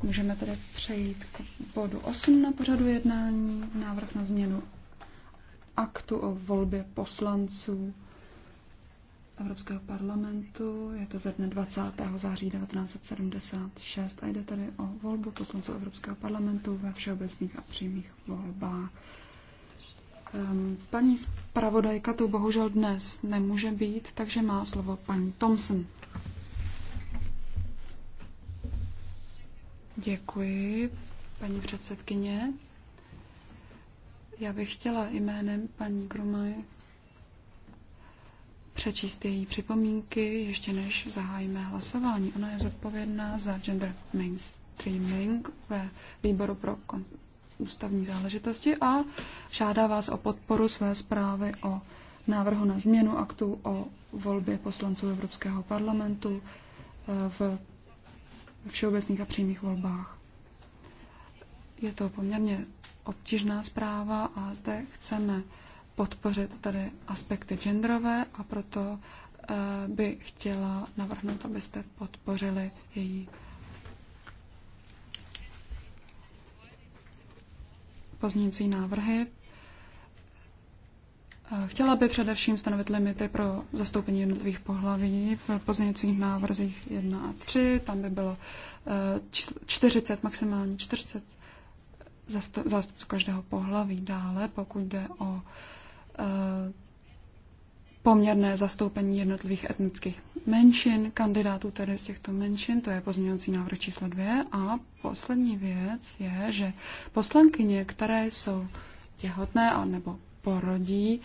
Můžeme tedy přejít k bodu 8 na pořadu jednání, návrh na změnu aktu o volbě poslanců Evropského parlamentu. Je to ze dne 20. září 1976 a jde tedy o volbu poslanců Evropského parlamentu ve všeobecných a přímých volbách. Ehm, paní zpravodajka tu bohužel dnes nemůže být, takže má slovo paní Thompson. Děkuji, paní předsedkyně. Já bych chtěla jménem paní Grumaj přečíst její připomínky, ještě než zahájíme hlasování. Ona je zodpovědná za gender mainstreaming ve výboru pro ústavní záležitosti a žádá vás o podporu své zprávy o návrhu na změnu aktu o volbě poslanců Evropského parlamentu eh, v ve všeobecných a přímých volbách. Je to poměrně obtížná zpráva a zde chceme podpořit tady aspekty genderové a proto eh, by chtěla navrhnout, abyste podpořili její pozměňující návrhy, Chtěla by především stanovit limity pro zastoupení jednotlivých pohlaví v pozměňujících návrzích 1 a 3. Tam by bylo 40, eh, maximálně 40 zástupců každého pohlaví. Dále, pokud jde o eh, poměrné zastoupení jednotlivých etnických menšin, kandidátů tedy z těchto menšin, to je pozměňovací návrh číslo 2. A poslední věc je, že poslankyně, které jsou těhotné a nebo porodí,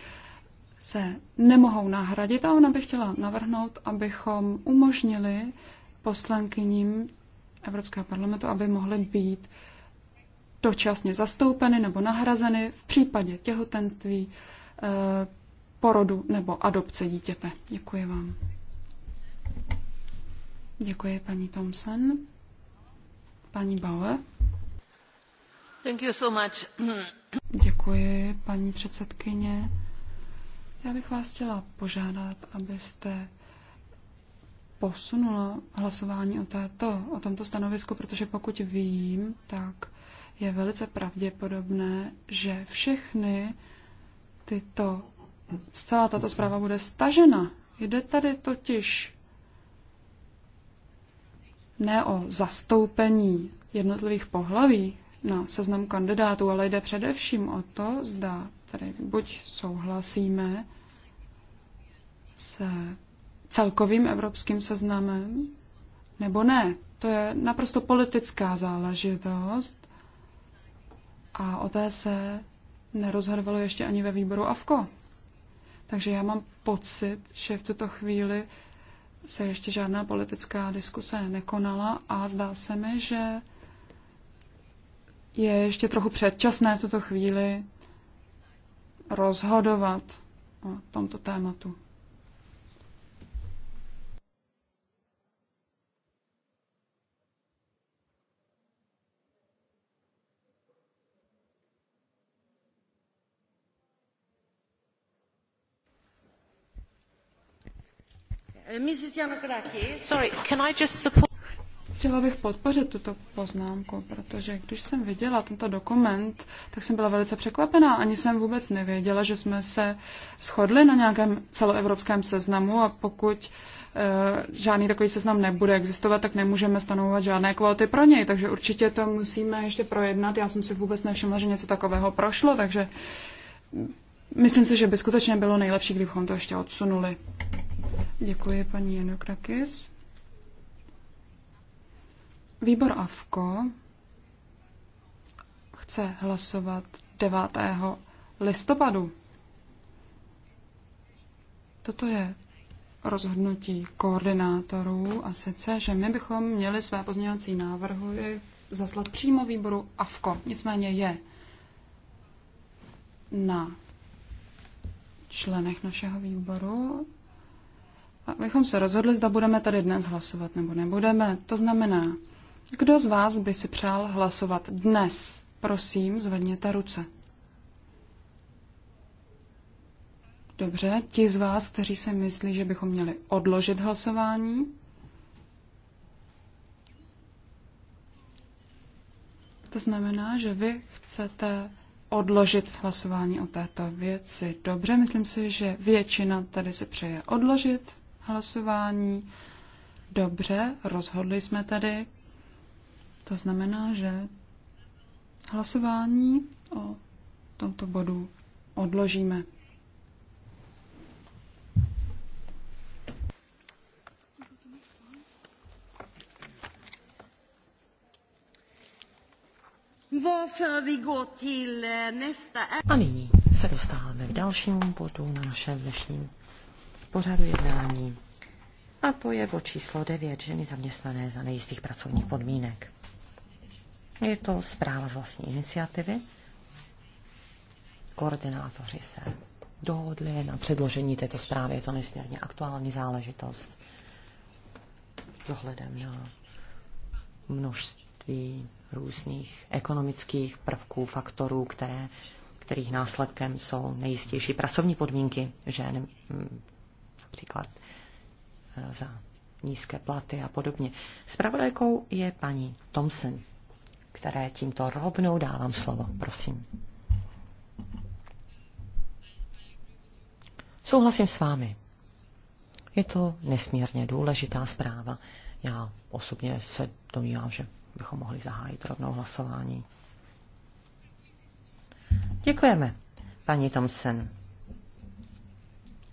se nemohou nahradit a ona by chtěla navrhnout, abychom umožnili poslankyním Evropského parlamentu, aby mohly být dočasně zastoupeny nebo nahrazeny v případě těhotenství, eh, porodu nebo adopce dítěte. Děkuji vám. Děkuji paní Thompson. Paní Bauer. Thank you so much. Děkuji, paní předsedkyně. Já bych vás chtěla požádat, abyste posunula hlasování o, této, o tomto stanovisku, protože pokud vím, tak je velice pravděpodobné, že všechny tyto, celá tato zpráva bude stažena. Jde tady totiž ne o zastoupení jednotlivých pohlaví, na seznam kandidátů, ale jde především o to, zda tedy buď souhlasíme se celkovým evropským seznamem, nebo ne. To je naprosto politická záležitost a o té se nerozhodovalo ještě ani ve výboru AFKO. Takže já mám pocit, že v tuto chvíli se ještě žádná politická diskuse nekonala a zdá se mi, že je ještě trochu předčasné v tuto chvíli rozhodovat o tomto tématu. Mrs. Yanagaraki. Sorry, can I just support Chtěla bych podpořit tuto poznámku, protože když jsem viděla tento dokument, tak jsem byla velice překvapená. Ani jsem vůbec nevěděla, že jsme se shodli na nějakém celoevropském seznamu a pokud eh, žádný takový seznam nebude existovat, tak nemůžeme stanovovat žádné kvóty pro něj, takže určitě to musíme ještě projednat. Já jsem si vůbec nevšimla, že něco takového prošlo, takže myslím si, že by skutečně bylo nejlepší, kdybychom to ještě odsunuli. Děkuji paní Jenokrakis. Výbor AVKO chce hlasovat 9. listopadu. Toto je rozhodnutí koordinátorů a sice, že my bychom měli své pozměňovací návrhy zaslat přímo výboru AFKO. Nicméně je na členech našeho výboru, abychom se rozhodli, zda budeme tady dnes hlasovat nebo nebudeme. To znamená, kdo z vás by si přál hlasovat dnes? Prosím, zvedněte ruce. Dobře, ti z vás, kteří si myslí, že bychom měli odložit hlasování. To znamená, že vy chcete odložit hlasování o této věci. Dobře, myslím si, že většina tady si přeje odložit hlasování. Dobře, rozhodli jsme tady. To znamená, že hlasování o tomto bodu odložíme. Eh, A nyní se dostáváme k dalšímu bodu na našem dnešním pořadu jednání. A to je bod číslo 9, ženy zaměstnané za nejistých pracovních podmínek. Je to zpráva z vlastní iniciativy. Koordinátoři se dohodli na předložení této zprávy. Je to nesmírně aktuální záležitost s ohledem na množství různých ekonomických prvků, faktorů, které, kterých následkem jsou nejistější pracovní podmínky žen, mm, například e, za nízké platy a podobně. Spravodajkou je paní Thompson které tímto rovnou dávám slovo. Prosím. Souhlasím s vámi. Je to nesmírně důležitá zpráva. Já osobně se domnívám, že bychom mohli zahájit rovnou hlasování. Děkujeme, paní Thompson.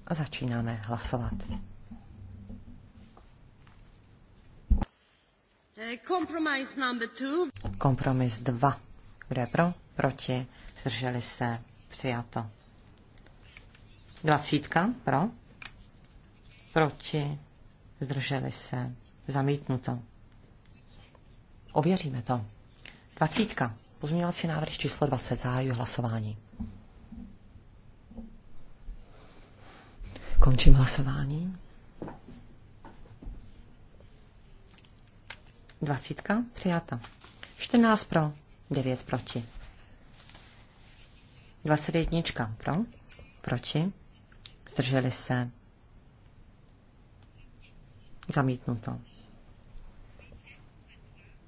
A začínáme hlasovat. Kompromis 2. Kdo je pro? Proti? Zdrželi se? Přijato. Dvacítka pro? Proti? Zdrželi se? Zamítnuto. Ověříme to. Dvacítka. Pozměňovací návrh číslo 20. Zahajuji hlasování. Končím hlasování. 20. Přijata. 14 pro, 9 proti. 21 pro, proti. Zdrželi se. Zamítnuto.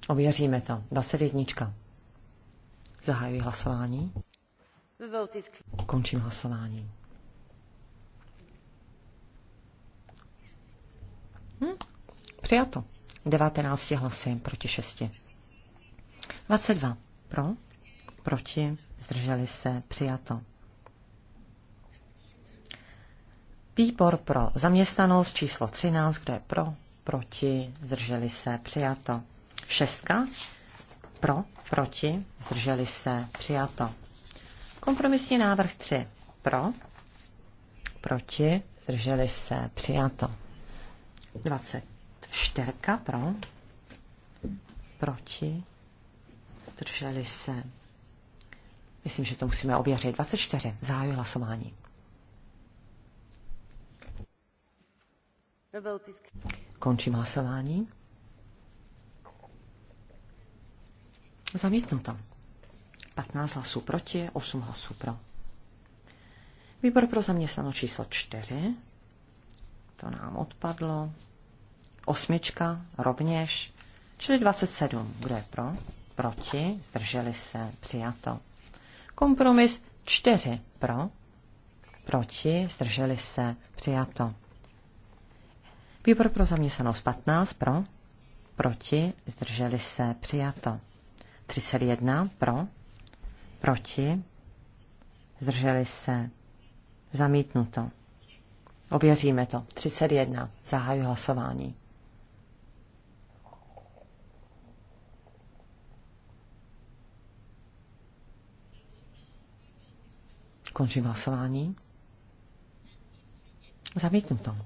Ověříme to. 21. Zahajuji hlasování. Končím hlasování. Hm? Přijato. 19 hlasy proti 6. 22 pro, proti, zdrželi se, přijato. Výbor pro zaměstnanost číslo 13, kdo je pro, proti, zdrželi se, přijato. Šestka, pro, proti, zdrželi se, přijato. Kompromisní návrh 3, pro, proti, zdrželi se, přijato. 20 Šterka pro, proti, drželi se. Myslím, že to musíme ověřit. 24. Zahajuji hlasování. Končím hlasování. Zamítnuto. 15 hlasů proti, 8 hlasů pro. Výbor pro zaměstnanost číslo 4. To nám odpadlo. Osmička rovněž, čili 27. Kdo je pro? Proti, zdrželi se, přijato. Kompromis 4 pro, proti, zdrželi se, přijato. Výbor pro zaměstnanost 15 pro, proti, zdrželi se, přijato. 31 pro, proti, zdrželi se, zamítnuto. Ověříme to. 31. Zahajuji hlasování. Končím hlasování. to.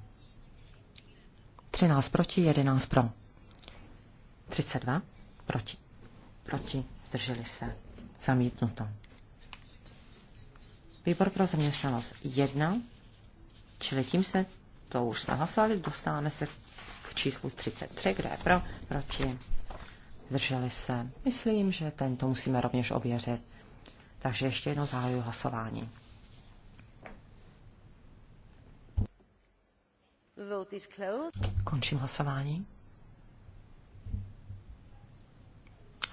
13 proti, 11 pro. 32 proti. Proti, zdrželi se. to. Výbor pro zaměstnanost 1, čili tím se, to už jsme hlasovali, dostáváme se k číslu 33, kde je pro, proti, zdrželi se. Myslím, že tento musíme rovněž ověřit. Takže ještě jedno zahajuji hlasování. Končím hlasování.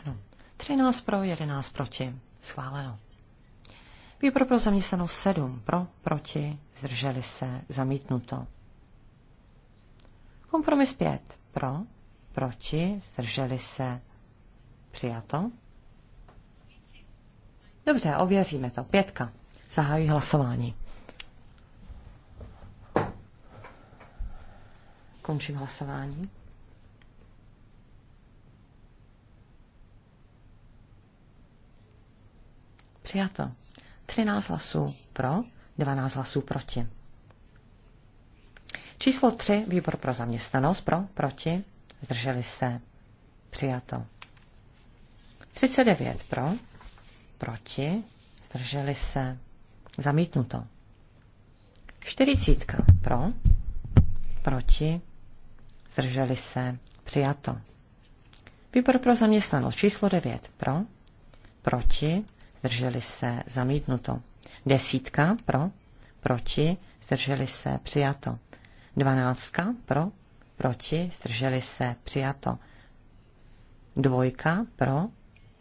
No. 13 pro, 11 proti. Schváleno. Výbor pro zaměstnanost 7 pro, proti, zdrželi se, zamítnuto. Kompromis 5 pro, proti, zdrželi se, přijato. Dobře, ověříme to. Pětka. Zahájí hlasování. Končím hlasování. Přijato. 13 hlasů pro, 12 hlasů proti. Číslo 3, výbor pro zaměstnanost, pro, proti, zdrželi se, přijato. 39 pro, proti, zdrželi se, zamítnuto. čtyřicítka pro, proti, zdrželi se, přijato. Výbor pro zaměstnanost číslo 9 pro, proti, zdrželi se, zamítnuto. Desítka pro, proti, zdrželi se, přijato. Dvanáctka pro, proti, zdrželi se, přijato. Dvojka pro,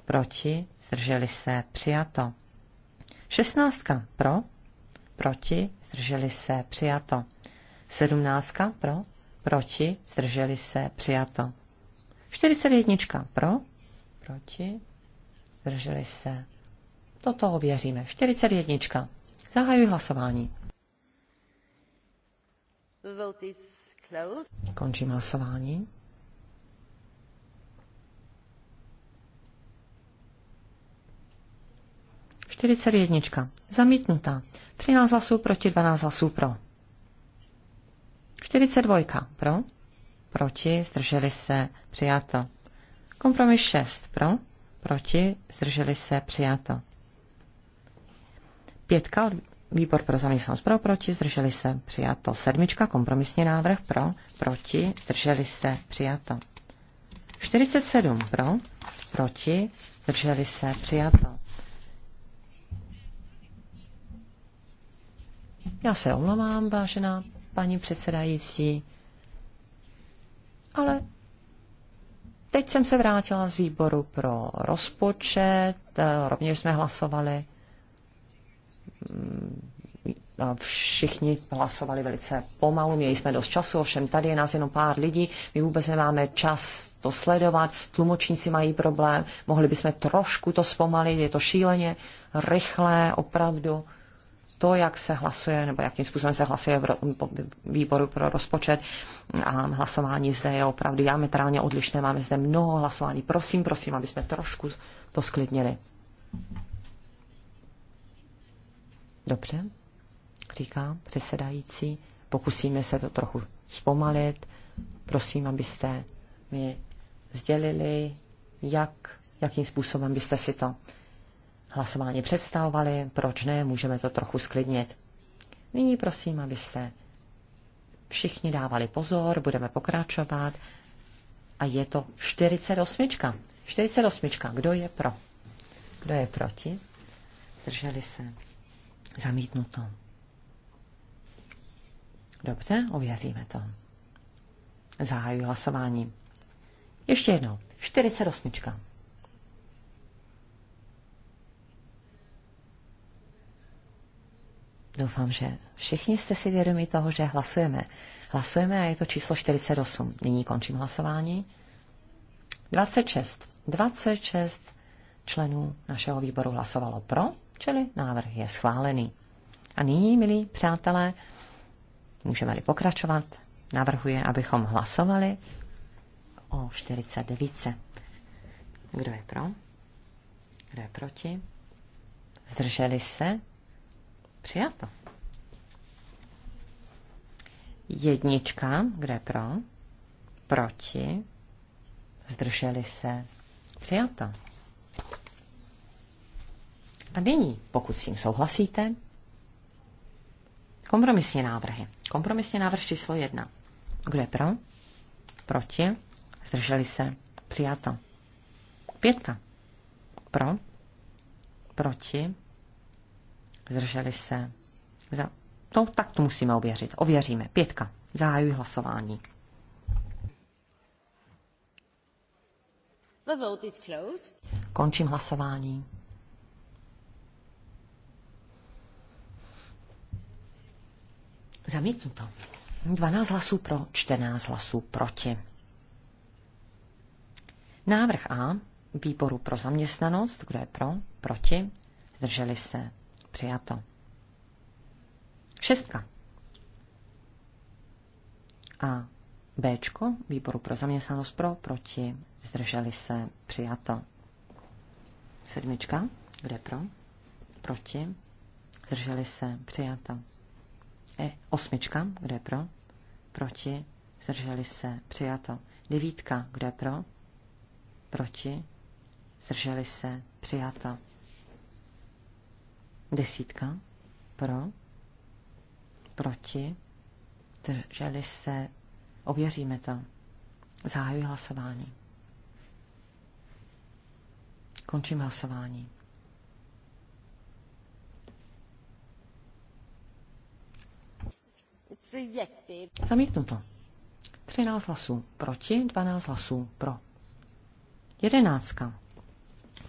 proti, zdrželi se, přijato. Šestnáctka pro, proti, zdrželi se, přijato. Sedmnáctka pro, proti, zdrželi se, přijato. jednička pro, proti, zdrželi se. Toto ověříme. jednička. Zahajuji hlasování. Končím hlasování. 41. Zamítnutá. 13 hlasů proti, 12 hlasů pro. 42. Pro. Proti, zdrželi se, přijato. Kompromis 6. Pro. Proti, zdrželi se, přijato. Pětka, výbor pro zaměstnanost pro, proti, zdrželi se, přijato. Sedmička, kompromisní návrh pro, proti, zdrželi se, přijato. 47 pro, proti, zdrželi se, přijato. Já se omlouvám, vážená paní předsedající, ale teď jsem se vrátila z výboru pro rozpočet, eh, rovněž jsme hlasovali mm, všichni hlasovali velice pomalu, měli jsme dost času, ovšem tady je nás jenom pár lidí, my vůbec nemáme čas to sledovat, tlumočníci mají problém, mohli bychom trošku to zpomalit, je to šíleně rychlé, opravdu to, jak se hlasuje, nebo jakým způsobem se hlasuje v výboru pro rozpočet a hlasování zde je opravdu diametrálně odlišné. Máme zde mnoho hlasování. Prosím, prosím, aby jsme trošku to sklidnili. Dobře, říká předsedající. Pokusíme se to trochu zpomalit. Prosím, abyste mi sdělili, jak, jakým způsobem byste si to hlasování představovali, proč ne, můžeme to trochu sklidnit. Nyní prosím, abyste všichni dávali pozor, budeme pokračovat. A je to 48. 48. Kdo je pro? Kdo je proti? Drželi se. Zamítnuto. Dobře, ověříme to. Zahajuji hlasování. Ještě jednou. 48. Doufám, že všichni jste si vědomi toho, že hlasujeme. Hlasujeme a je to číslo 48. Nyní končím hlasování. 26. 26 členů našeho výboru hlasovalo pro, čili návrh je schválený. A nyní, milí přátelé, můžeme-li pokračovat, navrhuje, abychom hlasovali o 49. Kdo je pro? Kdo je proti? Zdrželi se? Přijato. Jednička, kde pro? Proti. Zdrželi se. Přijato. A nyní, pokud s tím souhlasíte, kompromisní návrhy. Kompromisní návrh číslo jedna. Kdo je pro? Proti. Zdrželi se. Přijato. Pětka. Pro. Proti. Zdrželi se. Za... No, tak to musíme ověřit. Ověříme. Pětka. Zahajuji hlasování. The vote is closed. Končím hlasování. Zamítnuto. 12 hlasů pro, 14 hlasů proti. Návrh A výboru pro zaměstnanost, kdo je pro, proti, zdrželi se Přijato. Šestka. A B, výboru pro zaměstnanost pro, proti, zdrželi se, přijato. Sedmička, kde pro, proti, zdrželi se, přijato. E, osmička, kde pro, proti, zdrželi se, přijato. Devítka, kde pro, proti, zdrželi se, přijato. Desítka. Pro. Proti. Drželi se. Ověříme to. Zahajuji hlasování. Končím hlasování. Zamítnuto. 13 hlasů proti, 12 hlasů pro. 11.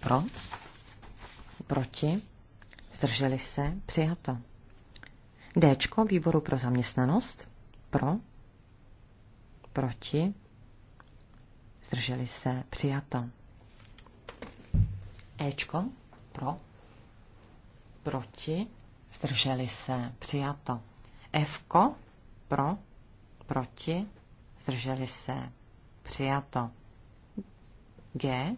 Pro. Proti. Zdrželi se? Přijato. D. Výboru pro zaměstnanost. Pro. Proti. Zdrželi se? Přijato. E. Pro. Proti. Zdrželi se? Přijato. F. Pro. Proti. Zdrželi se? Přijato. G.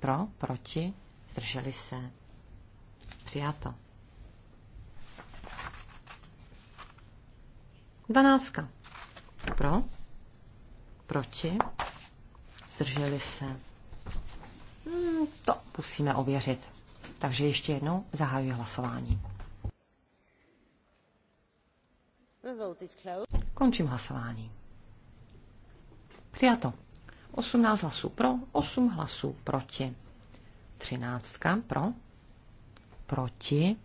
Pro. Proti. Zdrželi se? přijata. Dvanáctka. Pro. Proti. Zdrželi se. Hmm, to musíme ověřit. Takže ještě jednou zahajuji hlasování. Končím hlasování. Přijato. 18 hlasů pro, 8 hlasů proti. 13 pro, proti,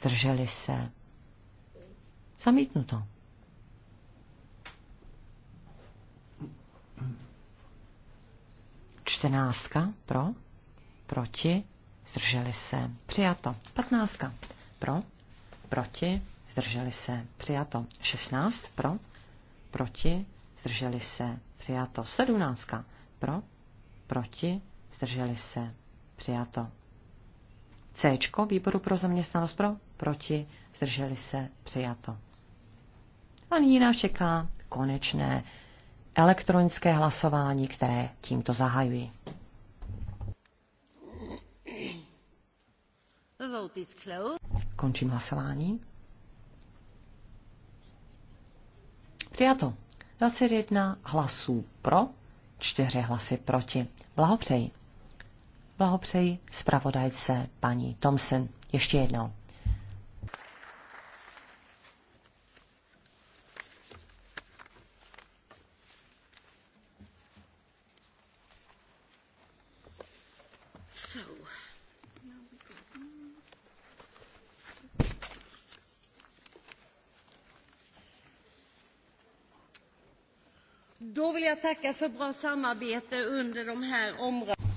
zdrželi se. Zamítnuto. Čtrnáctka pro, proti, zdrželi se, přijato. Patnáctka pro, proti, zdrželi se, přijato. Šestnáct pro, proti, zdrželi se, přijato. Sedmnáctka pro, proti, zdrželi se, přijato. C výboru pro zaměstnanost pro, proti, zdrželi se, přijato. A nyní nás čeká konečné elektronické hlasování, které tímto zahajuji. Končím hlasování. Přijato. 21 hlasů pro, 4 hlasy proti. Blahopřeji. Blahopřeji zpravodajce paní Thompson. Ještě jednou. Då vill jag tacka för bra samarbete under de här områdena.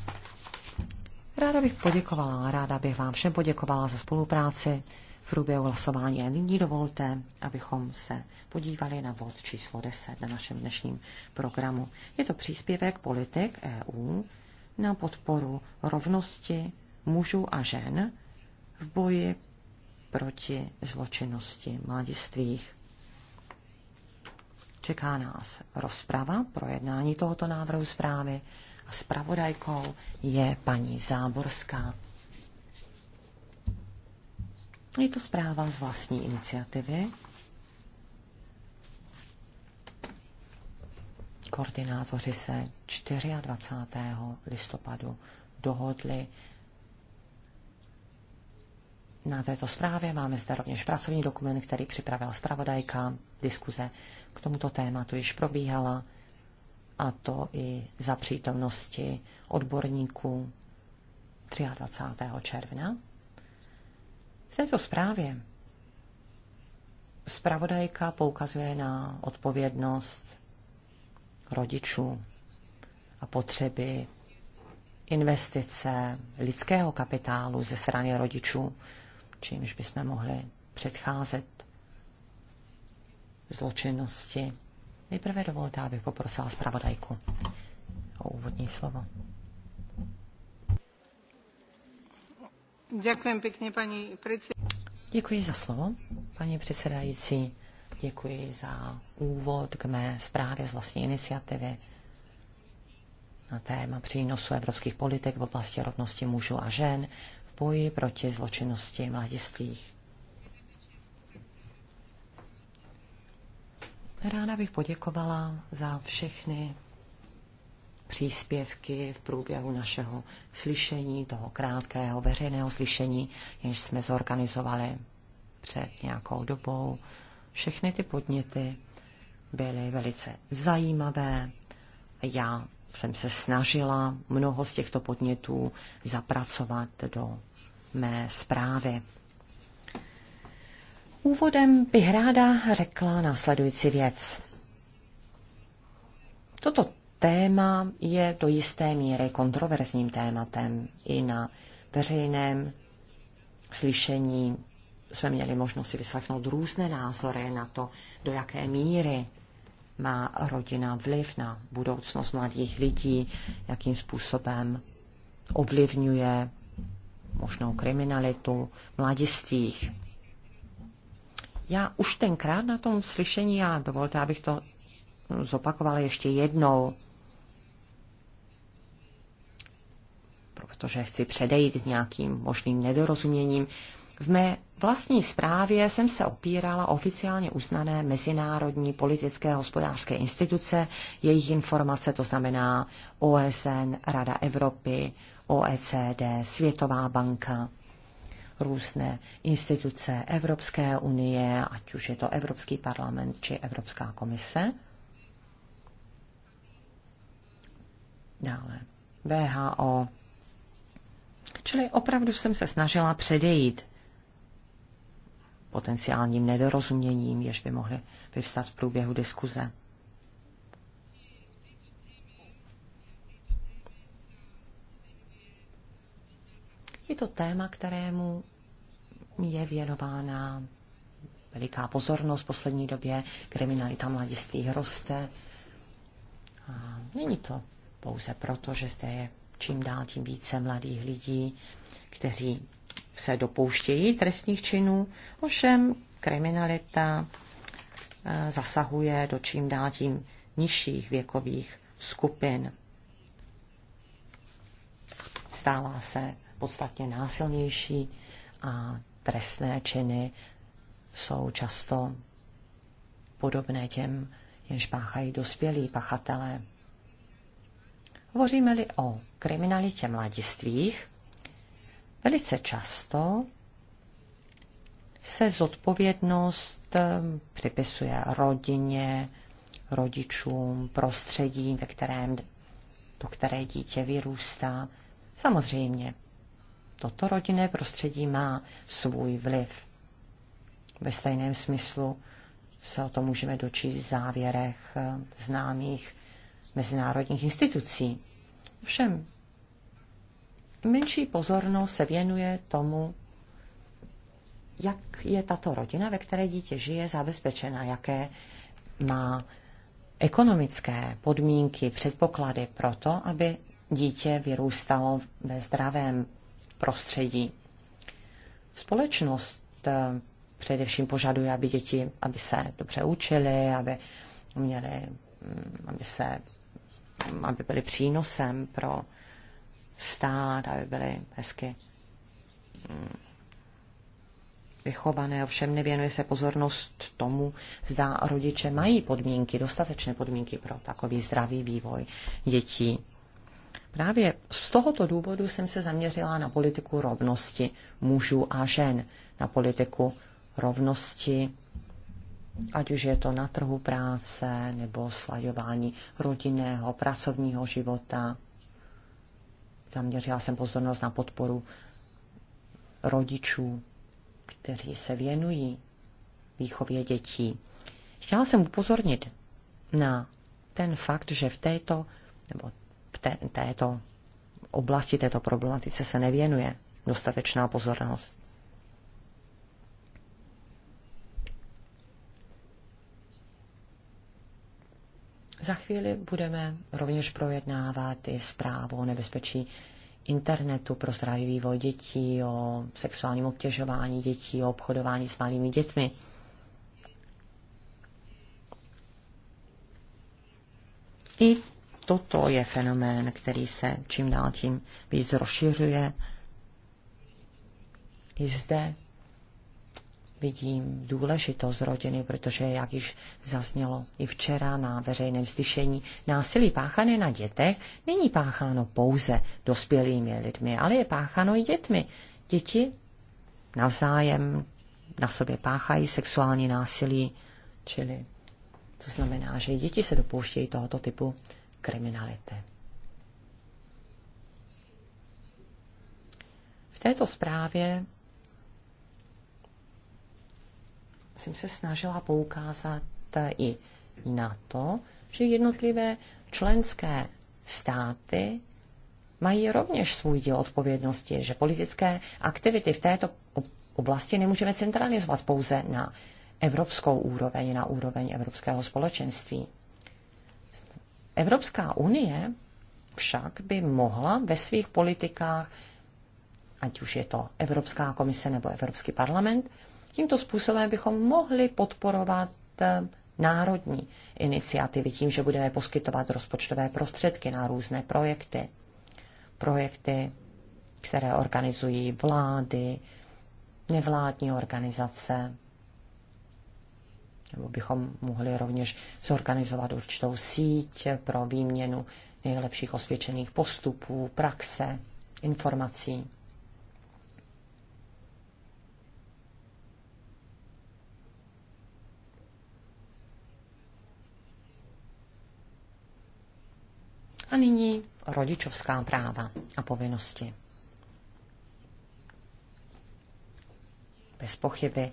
Ráda bych poděkovala, ráda bych vám všem poděkovala za spolupráci v průběhu hlasování. A nyní dovolte, abychom se podívali na bod číslo 10 na našem dnešním programu. Je to příspěvek politik EU na podporu rovnosti mužů a žen v boji proti zločinnosti mladistvých. Čeká nás rozprava, projednání tohoto návrhu zprávy a zpravodajkou je paní Záborská. Je to zpráva z vlastní iniciativy. Koordinátoři se 24. listopadu dohodli na této zprávě. Máme zde rovněž pracovní dokument, který připravila zpravodajka. Diskuze k tomuto tématu již probíhala a to i za přítomnosti odborníků 23. června. V této zprávě zpravodajka poukazuje na odpovědnost rodičů a potřeby investice lidského kapitálu ze strany rodičů, čímž bychom mohli předcházet zločinnosti Nejprve dovolte, abych poprosila zpravodajku o úvodní slovo. Děkuji pěkně, paní předsedající. Děkuji za slovo, paní předsedající. Děkuji za úvod k mé zprávě z vlastní iniciativy na téma přínosu evropských politik v oblasti rovnosti mužů a žen v boji proti zločinnosti mladistvých. Ráda bych poděkovala za všechny příspěvky v průběhu našeho slyšení, toho krátkého veřejného slyšení, jenž jsme zorganizovali před nějakou dobou. Všechny ty podněty byly velice zajímavé. Já jsem se snažila mnoho z těchto podnětů zapracovat do mé zprávy Úvodem bych ráda řekla následující věc. Toto téma je do jisté míry kontroverzním tématem. I na veřejném slyšení jsme měli možnost si vyslechnout různé názory na to, do jaké míry má rodina vliv na budoucnost mladých lidí, jakým způsobem ovlivňuje možnou kriminalitu mladistvích. Já už tenkrát na tom slyšení, já dovolte, abych to zopakovala ještě jednou, protože chci předejít nějakým možným nedorozuměním. V mé vlastní zprávě jsem se opírala oficiálně uznané mezinárodní politické a hospodářské instituce, jejich informace, to znamená OSN, Rada Evropy, OECD, Světová banka, různé instituce Evropské unie, ať už je to Evropský parlament či Evropská komise. Dále VHO. Čili opravdu jsem se snažila předejít potenciálním nedorozuměním, jež by mohly vyvstat v průběhu diskuze. Je to téma, kterému je věnována veliká pozornost v poslední době. Kriminalita mladistvých roste. A není to pouze proto, že zde je čím dál tím více mladých lidí, kteří se dopouštějí trestních činů, ovšem kriminalita eh, zasahuje do čím dál tím nižších věkových skupin. Stává se podstatně násilnější a trestné činy jsou často podobné těm, jenž páchají dospělí pachatelé. Hovoříme-li o kriminalitě mladistvých, velice často se zodpovědnost ehm, připisuje rodině, rodičům, prostředí, ve kterém to které dítě vyrůstá. Samozřejmě toto rodinné prostředí má svůj vliv. Ve stejném smyslu se o tom můžeme dočíst v závěrech eh, známých mezinárodních institucí. Všem menší pozornost se věnuje tomu, jak je tato rodina, ve které dítě žije, zabezpečena, jaké má ekonomické podmínky, předpoklady pro to, aby dítě vyrůstalo ve zdravém prostředí. Společnost eh, především požaduje, aby děti, aby se dobře učili, aby měli, mm, aby se, aby byli přínosem pro stát, aby byly hezky mm, vychované, ovšem nevěnuje se pozornost tomu, zda rodiče mají podmínky, dostatečné podmínky pro takový zdravý vývoj dětí. Právě z tohoto důvodu jsem se zaměřila na politiku rovnosti mužů a žen, na politiku rovnosti, ať už je to na trhu práce nebo slajování rodinného, pracovního života. Zaměřila jsem pozornost na podporu rodičů, kteří se věnují výchově dětí. Chtěla jsem upozornit na ten fakt, že v této nebo té, této oblasti, této problematice se nevěnuje dostatečná pozornost. Za chvíli budeme rovněž projednávat i zprávu o nebezpečí internetu pro zdravý vývoj dětí, o sexuálním obtěžování dětí, o obchodování s malými dětmi. I toto je fenomén, který se čím dál tím víc rozšiřuje. I zde vidím důležitost rodiny, protože, jak již zaznělo i včera na veřejném slyšení, násilí páchané na dětech není pácháno pouze dospělými lidmi, ale je pácháno i dětmi. Děti navzájem na sobě páchají sexuální násilí, čili to znamená, že děti se dopouštějí tohoto typu kriminality. V této zprávě jsem se snažila poukázat i na to, že jednotlivé členské státy mají rovněž svůj díl odpovědnosti, že politické aktivity v této oblasti nemůžeme centralizovat pouze na evropskou úroveň, na úroveň evropského společenství. Evropská unie však by mohla ve svých politikách, ať už je to Evropská komise nebo Evropský parlament, tímto způsobem bychom mohli podporovat eh, národní iniciativy tím, že budeme poskytovat rozpočtové prostředky na různé projekty. Projekty, které organizují vlády, nevládní organizace, nebo bychom mohli rovněž zorganizovat určitou síť pro výměnu nejlepších osvědčených postupů, praxe, informací. A nyní rodičovská práva a povinnosti. Bez pochyby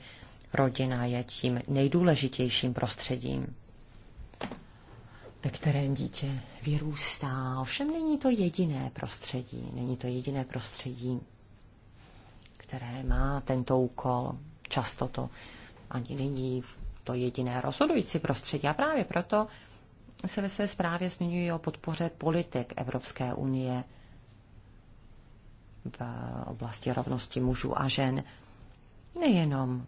rodina je tím nejdůležitějším prostředím, ve kterém dítě vyrůstá. Ovšem není to jediné prostředí, není to jediné prostředí, které má tento úkol. Často to ani není to jediné rozhodující prostředí. A právě proto se ve své zprávě zmiňuji o podpoře politik Evropské unie v oblasti rovnosti mužů a žen. Nejenom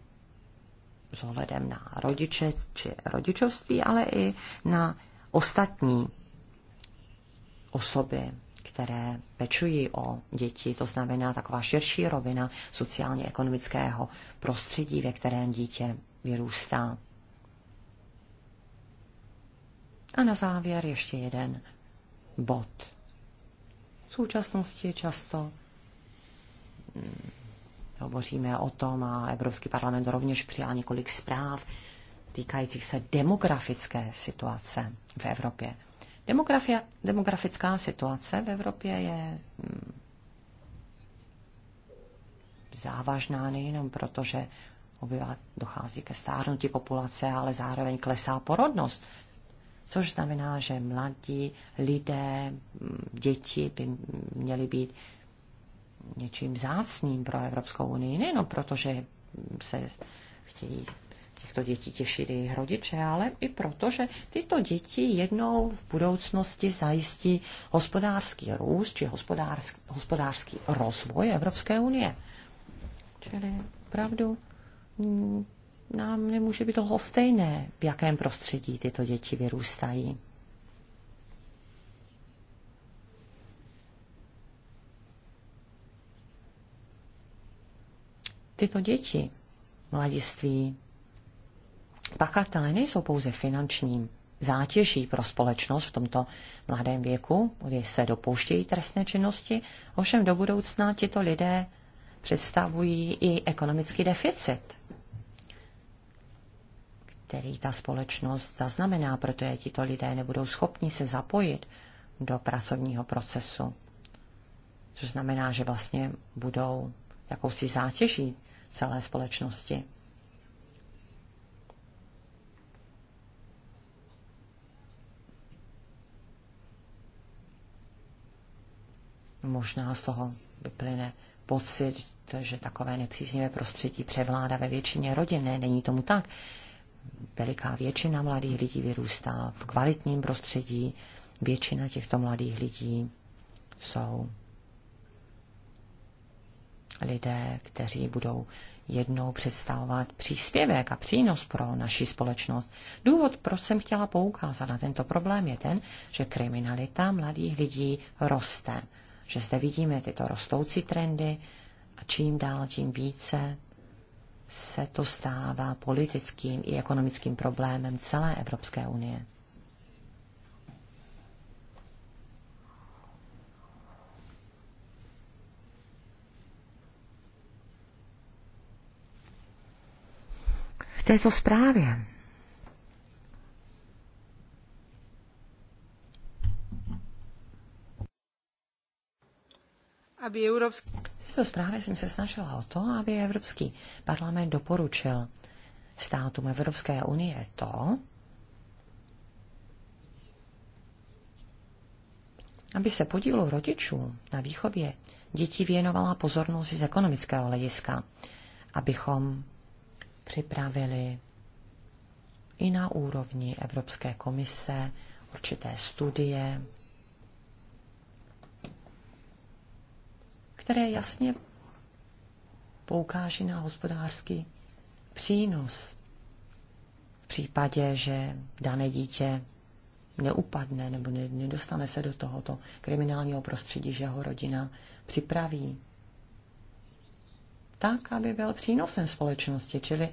s ohledem na rodiče či rodičovství, ale i na ostatní osoby, které pečují o děti, to znamená taková širší rovina sociálně-ekonomického prostředí, ve kterém dítě vyrůstá. A na závěr ještě jeden bod. V současnosti často mm, Hovoříme o tom a Evropský parlament rovněž přijal několik zpráv týkajících se demografické situace v Evropě. Demografia, demografická situace v Evropě je mm, závažná nejenom proto, že dochází ke stárnutí populace, ale zároveň klesá porodnost. Což znamená, že mladí lidé, mm, děti by měly být něčím zácným pro Evropskou unii, nejenom proto, že se chtějí těchto dětí těšit jejich rodiče, ale i proto, že tyto děti jednou v budoucnosti zajistí hospodářský růst či hospodářský, hospodářský rozvoj Evropské unie. Čili opravdu mm, nám nemůže být toho stejné, v jakém prostředí tyto děti vyrůstají. tyto děti, mladiství, pachatelé nejsou pouze finančním zátěží pro společnost v tomto mladém věku, kdy se dopouštějí trestné činnosti, ovšem do budoucna tito lidé představují i ekonomický deficit, který ta společnost zaznamená, protože tito lidé nebudou schopni se zapojit do pracovního procesu. Což znamená, že vlastně budou jakousi zátěží celé společnosti. Možná z toho vyplyne pocit, že takové nepříznivé prostředí převládá ve většině rodin. Ne, není tomu tak. Veliká většina mladých lidí vyrůstá v kvalitním prostředí. Většina těchto mladých lidí jsou lidé, kteří budou jednou představovat příspěvek a přínos pro naši společnost. Důvod, proč jsem chtěla poukázat na tento problém, je ten, že kriminalita mladých lidí roste. Že zde vidíme tyto rostoucí trendy a čím dál, tím více se to stává politickým i ekonomickým problémem celé Evropské unie. této zprávě. Aby Evropský... V této zprávě jsem se snažila o to, aby Evropský parlament doporučil státům Evropské unie to, aby se podílu rodičů na výchově dětí věnovala pozornost z ekonomického hlediska, abychom připravili i na úrovni Evropské komise určité studie, které jasně poukáží na hospodářský přínos v případě, že dané dítě neupadne nebo nedostane se do tohoto kriminálního prostředí, že ho rodina připraví tak, aby byl přínosem společnosti, čili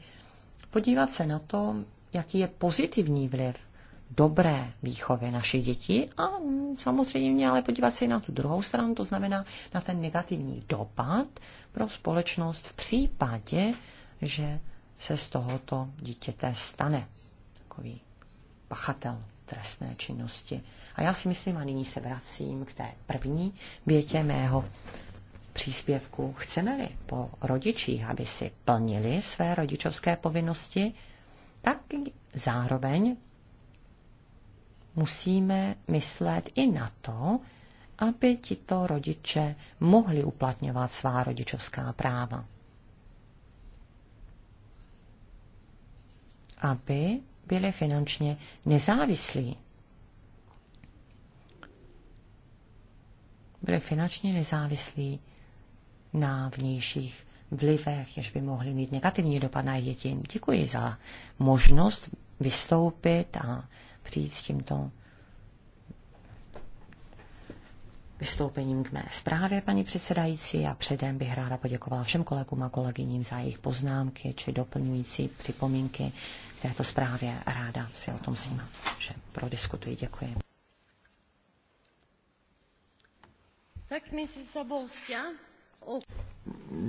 podívat se na to, jaký je pozitivní vliv dobré výchovy našich dětí a samozřejmě ale podívat se i na tu druhou stranu, to znamená na ten negativní dopad pro společnost v případě, že se z tohoto dítěte stane takový pachatel trestné činnosti. A já si myslím, a nyní se vracím k té první větě mého příspěvku. Chceme-li po rodičích, aby si plnili své rodičovské povinnosti, tak zároveň musíme myslet i na to, aby tito rodiče mohli uplatňovat svá rodičovská práva. Aby byli finančně nezávislí. Byli finančně nezávislí na vnějších vlivech, jež by mohly mít negativní dopad na děti. Děkuji za možnost vystoupit a přijít s tímto vystoupením k mé zprávě, paní předsedající, a předem bych ráda poděkovala všem kolegům a kolegyním za jejich poznámky či doplňující připomínky k této zprávě. Ráda si o tom s nimi všem prodiskutuji. Děkuji. Tak, Mrs. Zaborská.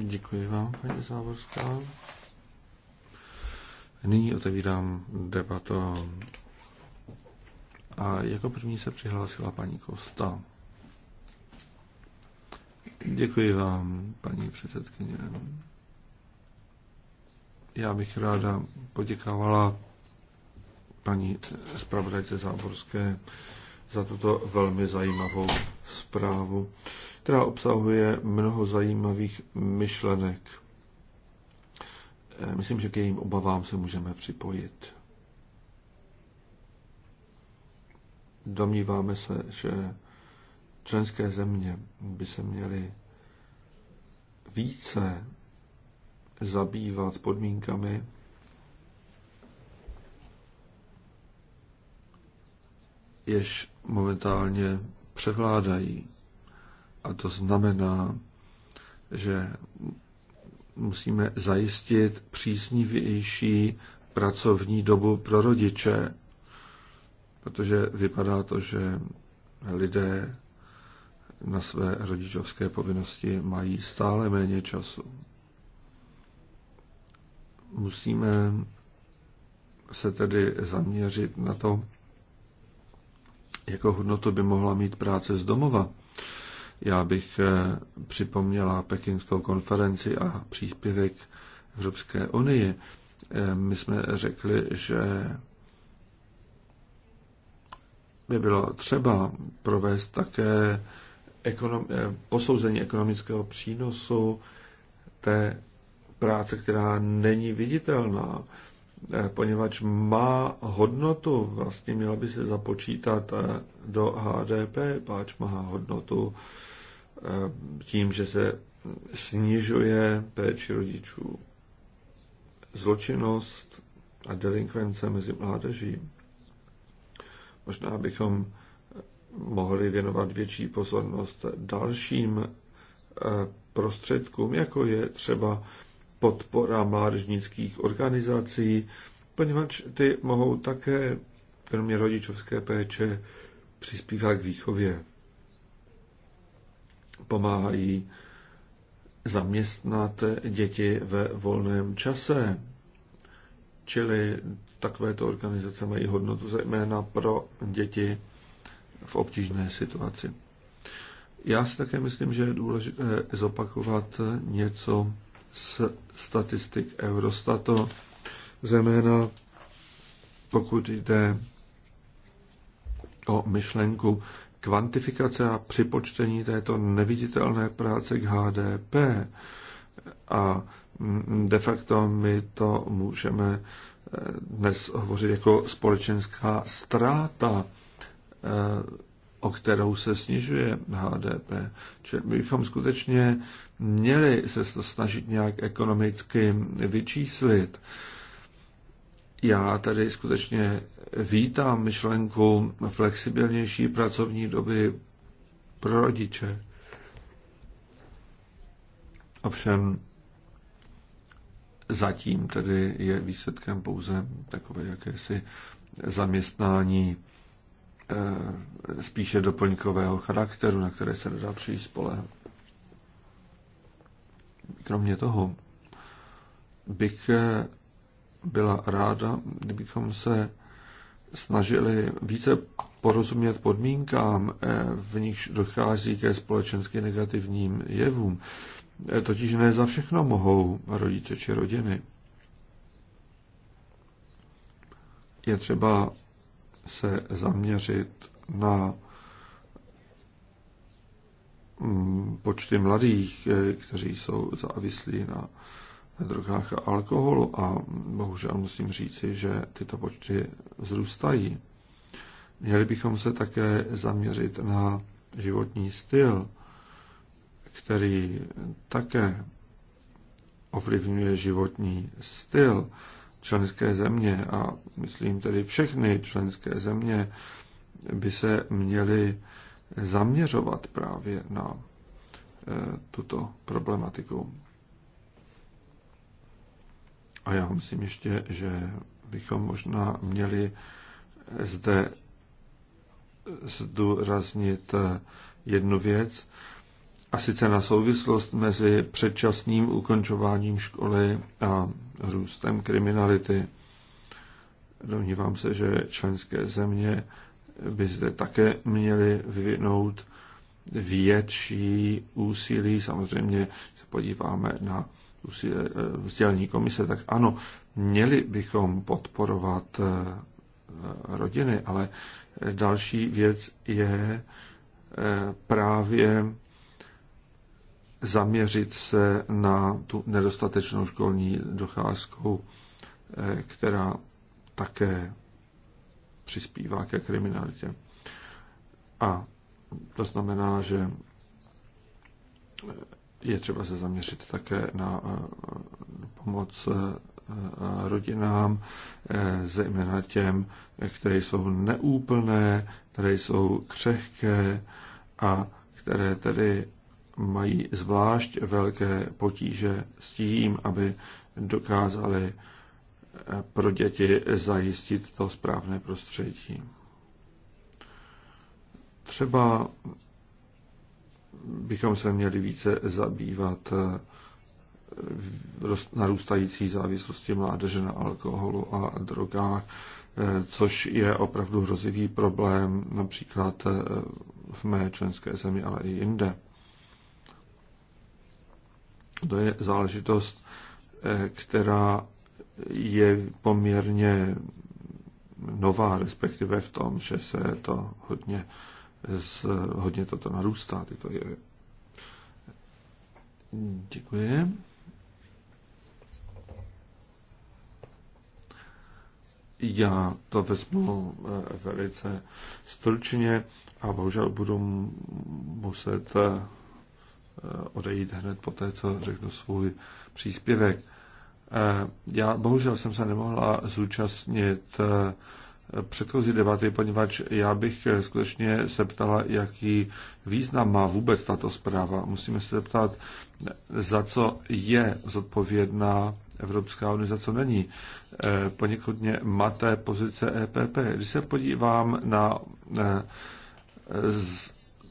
Děkuji vám, paní Závorská. Nyní otevírám debatu. A jako první se přihlásila paní Kosta. Děkuji vám, paní předsedkyně. Já bych ráda poděkovala paní zpravodajce Záborské za tuto velmi zajímavou zprávu, která obsahuje mnoho zajímavých myšlenek. Eh, myslím, že k jejím obavám se můžeme připojit. Domníváme se, že členské země by se měly více zabývat podmínkami, jež momentálně převládají. A to znamená, že musíme zajistit příznivější pracovní dobu pro rodiče, protože vypadá to, že lidé na své rodičovské povinnosti mají stále méně času. Musíme se tedy zaměřit na to, jako hodnotu by mohla mít práce z domova? Já bych eh, připomněla pekinskou konferenci a příspěvek Evropské unii. Eh, my jsme řekli, že by bylo třeba provést také ekonom, eh, posouzení ekonomického přínosu té práce, která není viditelná. Eh, poněvadž má hodnotu, vlastně měla by se započítat eh, do HDP, páč má hodnotu eh, tím, že se snižuje péči rodičů. Zločinnost a delinkvence mezi mládeží. Možná bychom mohli věnovat větší pozornost dalším prostředkům, jako je třeba podpora mládežnických organizací, poněvadž ty mohou také, kromě rodičovské péče, přispívat k výchově. Pomáhají zaměstnat děti ve volném čase, čili takovéto organizace mají hodnotu zejména pro děti v obtížné situaci. Já si také myslím, že je důležité zopakovat něco, z statistik Eurostatu, zejména pokud jde o myšlenku kvantifikace a připočtení této neviditelné práce k HDP. A mm, de facto my to můžeme eh, dnes hovořit jako společenská ztráta, eh, o kterou se snižuje HDP. Čili bychom skutečně měli se to snažit nějak ekonomicky vyčíslit. Já tady skutečně vítám myšlenku flexibilnější pracovní doby pro rodiče. Ovšem zatím tedy je výsledkem pouze takové jakési zaměstnání eh, spíše doplňkového charakteru, na které se nedá přijít spolehat. Kromě toho bych eh, byla ráda, kdybychom se snažili více porozumět podmínkám, eh, v nichž dochází ke společensky negativním jevům. Eh, totiž ne za všechno mohou rodiče či rodiny. Je třeba se zaměřit na Mm, počty mladých, eh, kteří jsou závislí na drogách a alkoholu a bohužel musím říci, že tyto počty zrůstají. Měli bychom se také zaměřit na životní styl, který také ovlivňuje životní styl členské země a myslím tedy všechny členské země by se měly zaměřovat právě na eh, tuto problematiku. A já myslím ještě, že bychom možná měli zde zdůraznit eh, jednu věc, a sice na souvislost mezi předčasným ukončováním školy a růstem kriminality. Domnívám se, že členské země by zde také měli vyvinout větší úsilí. Samozřejmě se podíváme na eh, vzdělní komise, tak ano, měli bychom podporovat eh, rodiny, ale eh, další věc je právě zaměřit se na tu nedostatečnou školní docházku, která také přispívá ke kriminalitě. A to znamená, že je třeba se zaměřit také na eh, pomoc eh, rodinám, eh, zejména těm, které jsou neúplné, které jsou křehké a které tedy mají zvlášť velké potíže s tím, aby dokázali pro děti zajistit to správné prostředí. Třeba bychom se měli více zabývat eh, narůstající závislosti mládeže na alkoholu a drogách, eh, což je opravdu hrozivý problém například eh, v mé členské zemi, ale i jinde. To je záležitost, která je poměrně nová, respektive v tom, že se to hodně, z, hodně toto narůstá, tyto je, Děkuji. Já to vezmu eh, velice stručně a bohužel budu muset eh, odejít hned po té, co řeknu svůj příspěvek. Eh, já bohužel jsem se nemohla zúčastnit eh, předchozí debaty, poněvadž já bych eh, skutečně se ptala, jaký význam má vůbec tato zpráva. Musíme se zeptat, za co je zodpovědná Evropská unie, za co není. Poněkud mě maté pozice EPP. Když se podívám na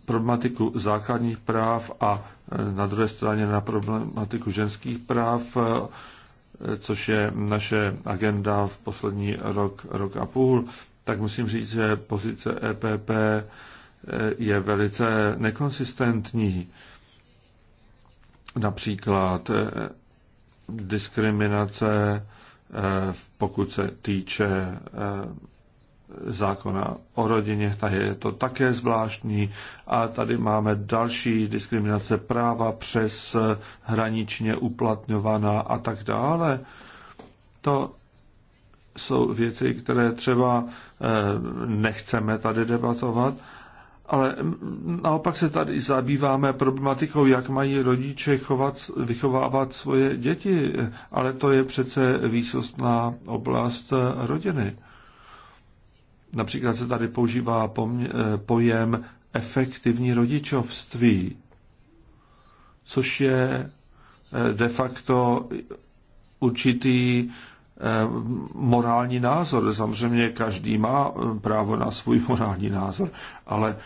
problematiku základních práv a na druhé straně na problematiku ženských práv, což je naše agenda v poslední rok, rok a půl, tak musím říct, že pozice EPP eh, je velice nekonsistentní. Například eh, diskriminace, eh, pokud se týče zákona o rodině, tak je to také zvláštní a tady máme další diskriminace práva přes hraničně uplatňovaná a tak dále. To jsou věci, které třeba eh, nechceme tady debatovat, ale naopak se tady zabýváme problematikou, jak mají rodiče chovat, vychovávat svoje děti, ale to je přece výsostná oblast eh, rodiny. Například se tady používá eh, pojem efektivní rodičovství, což je eh, de facto určitý eh, morální názor. Samozřejmě každý má právo na svůj morální názor, ale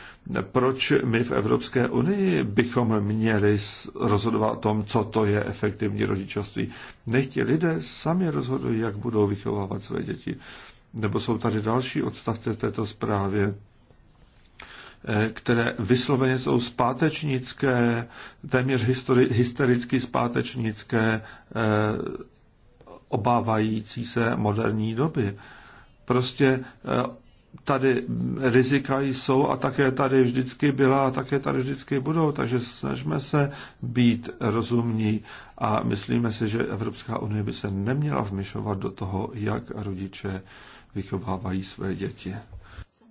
proč my v Evropské unii bychom měli rozhodovat o tom, co to je efektivní rodičovství? Nech ti lidé sami rozhodují, jak budou vychovávat své děti nebo jsou tady další odstavce v této zprávě, eh, které vysloveně jsou zpátečnické, téměř histori- hystericky zpátečnické, eh, obávající se moderní doby. Prostě eh, tady rizika jsou a také tady vždycky byla a také tady vždycky budou, takže snažme se být rozumní a myslíme si, že Evropská unie by se neměla vmyšovat do toho, jak rodiče vychovávají své děti.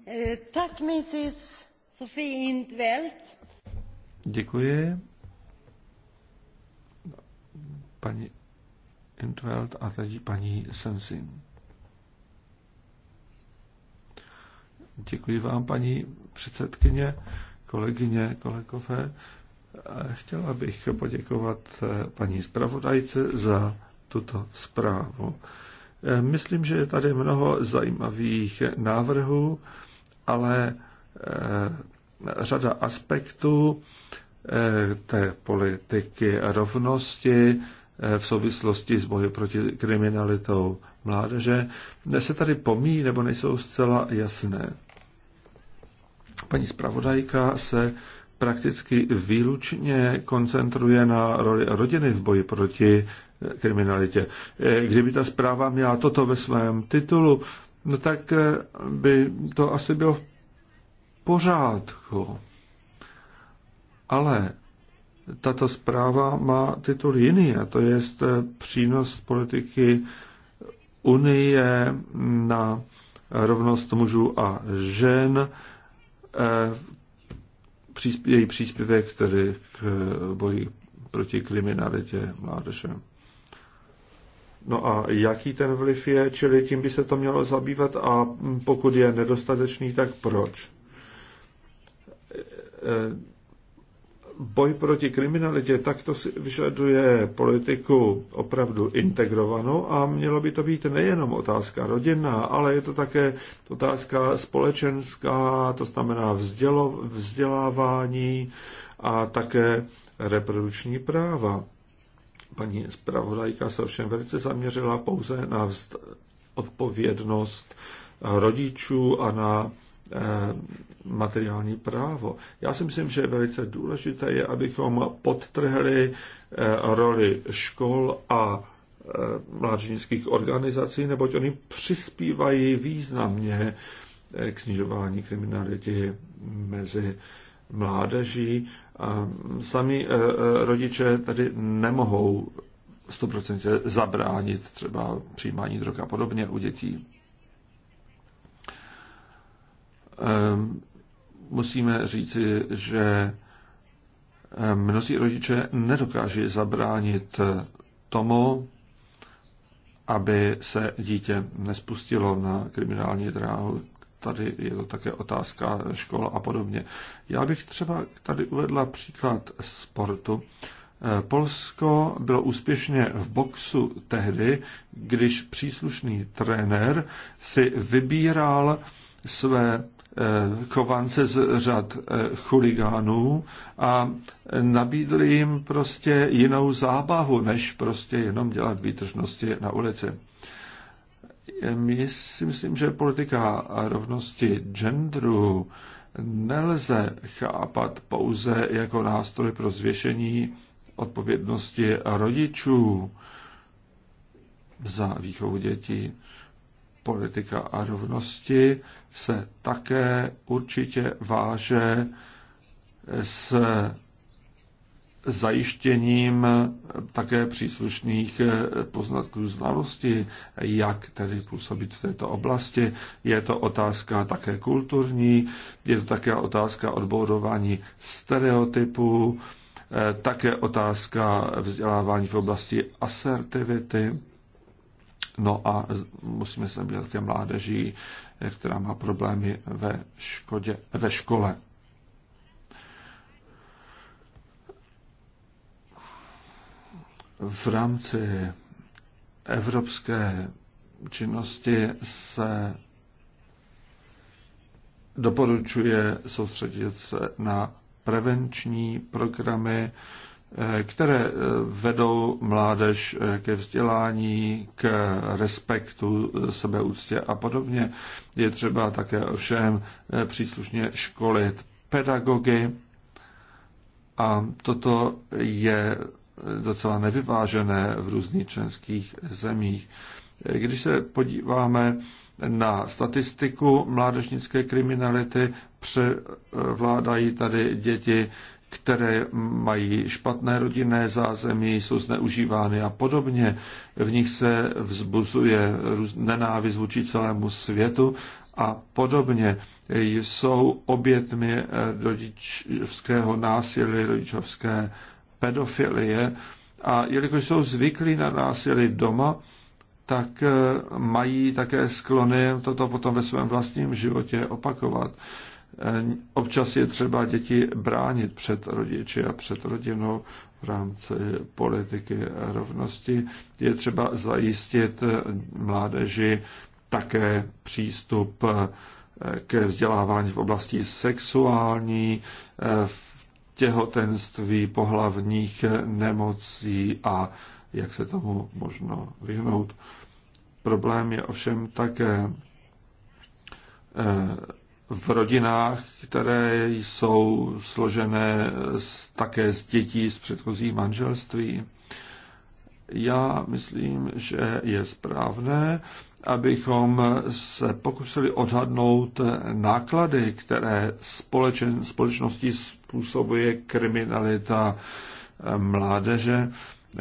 Eh, tak, Mrs. Sophie Intveld. Děkuji. Paní Intveld a teď paní Sensin. Děkuji vám, paní předsedkyně, kolegyně, kolegové. Eh, chtěla bych poděkovat eh, paní zpravodajce za tuto zprávu. Myslím, že je tady mnoho zajímavých návrhů, ale eh, řada aspektů eh, té politiky rovnosti eh, v souvislosti s boji proti kriminalitou mládeže se tady pomí nebo nejsou zcela jasné. Paní zpravodajka se prakticky výlučně koncentruje na roli rodiny v boji proti kriminalitě. E, kdyby ta zpráva měla toto ve svém titulu, no tak e, by to asi bylo v pořádku. Ale tato zpráva má titul jiný, a to je e, přínos politiky Unie na rovnost mužů a žen, její příspěvek tedy k boji proti kriminalitě mládeže. No a jaký ten vliv je, čili tím by se to mělo zabývat a pokud je nedostatečný, tak proč? E, boj proti kriminalitě, takto si vyžaduje politiku opravdu integrovanou a mělo by to být nejenom otázka rodinná, ale je to také otázka společenská, to znamená vzdělo, vzdělávání a také reprodukční práva paní zpravodajka se ovšem velice zaměřila pouze na odpovědnost rodičů a na eh, materiální právo. Já si myslím, že velice důležité je, abychom podtrhli eh, roli škol a eh, mládežnických organizací, neboť oni přispívají významně k snižování kriminality mezi mládeží a sami eh, eh, rodiče tady nemohou 100% zabránit třeba přijímání drog a podobně u dětí. Ehm, musíme říci, že eh, mnozí rodiče nedokáží zabránit tomu, aby se dítě nespustilo na kriminální dráhu tady je to také otázka škol a podobně. Já bych třeba tady uvedla příklad sportu. Eh, Polsko bylo úspěšně v boxu tehdy, když příslušný trenér si vybíral své eh, chovance z řad eh, chuligánů a nabídli jim prostě jinou zábavu, než prostě jenom dělat výtržnosti na ulici my si myslím, že politika rovnosti genderu nelze chápat pouze jako nástroj pro zvěšení odpovědnosti rodičů za výchovu dětí. Politika a rovnosti se také určitě váže s zajištěním také příslušných eh, poznatků znalosti, jak tedy působit v této oblasti. Je to otázka také kulturní, je to také otázka odbourování stereotypů, eh, také otázka vzdělávání v oblasti asertivity. No a musíme se být také mládeží, eh, která má problémy ve, škodě, ve škole. V rámci evropské činnosti se doporučuje soustředit se na prevenční programy, eh, které eh, vedou mládež eh, ke vzdělání, k respektu, sebeúctě a podobně. Je třeba také ovšem příslušně školit pedagogy a toto je docela nevyvážené v různých členských zemích. Když se podíváme na statistiku mládežnické kriminality, převládají tady děti, které mají špatné rodinné zázemí, jsou zneužívány a podobně. V nich se vzbuzuje nenávist vůči celému světu a podobně. Jsou obětmi rodičovského násilí, rodičovské pedofilie a jelikož jsou zvyklí na násilí doma, tak eh, mají také sklony toto potom ve svém vlastním životě opakovat. Eh, občas je třeba děti bránit před rodiči a před rodinou v rámci politiky rovnosti. Je třeba zajistit eh, mládeži také přístup ke vzdělávání v oblasti sexuální, v těhotenství, pohlavních nemocí a jak se tomu možno vyhnout. Problém je ovšem také eh, v rodinách, které jsou složené z, také z dětí z předchozí manželství. Já myslím, že je správné, abychom se pokusili odhadnout náklady, které společen, společnosti způsobuje kriminalita eh, mládeže,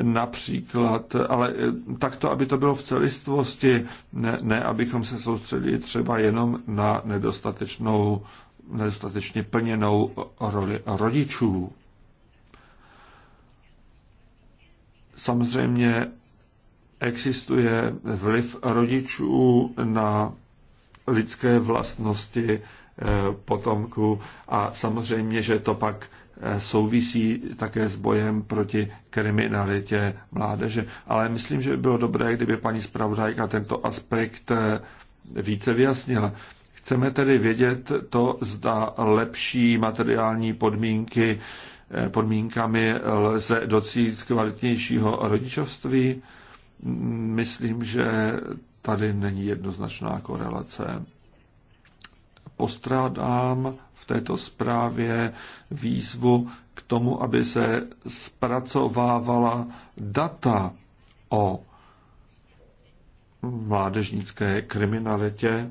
například, ale eh, takto, aby to bylo v celistvosti, ne, ne abychom se soustředili třeba jenom na nedostatečnou, nedostatečně plněnou roli rodičů. Samozřejmě existuje vliv rodičů na lidské vlastnosti eh, potomku a samozřejmě, že to pak eh, souvisí také s bojem proti kriminalitě mládeže. Ale myslím, že by bylo dobré, kdyby paní zpravodajka tento aspekt eh, více vyjasnila. Chceme tedy vědět to, zda lepší materiální podmínky podmínkami lze docít kvalitnějšího rodičovství, myslím, že tady není jednoznačná korelace. Postrádám v této zprávě výzvu k tomu, aby se zpracovávala data o mládežnické kriminalitě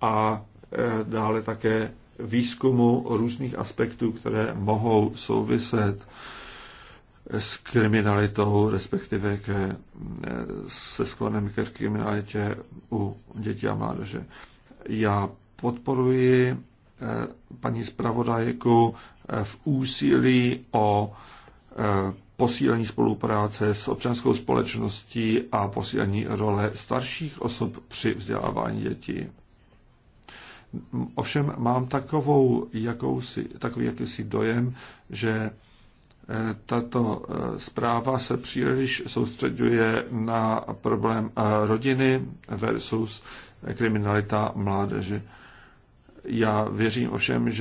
a e, dále také výzkumu různých aspektů, které mohou souviset s kriminalitou, respektive ke, e, se sklonem ke kriminalitě u dětí a mládeže. Já podporuji e, paní zpravodajku e, v úsilí o posílení spolupráce s občanskou společností a posílení role starších osob při vzdělávání dětí. Ovšem mám takovou jakousi, takový jakýsi dojem, že tato eh, zpráva se příliš soustředuje na problém eh, rodiny versus kriminalita mládeže. Já věřím ovšem, že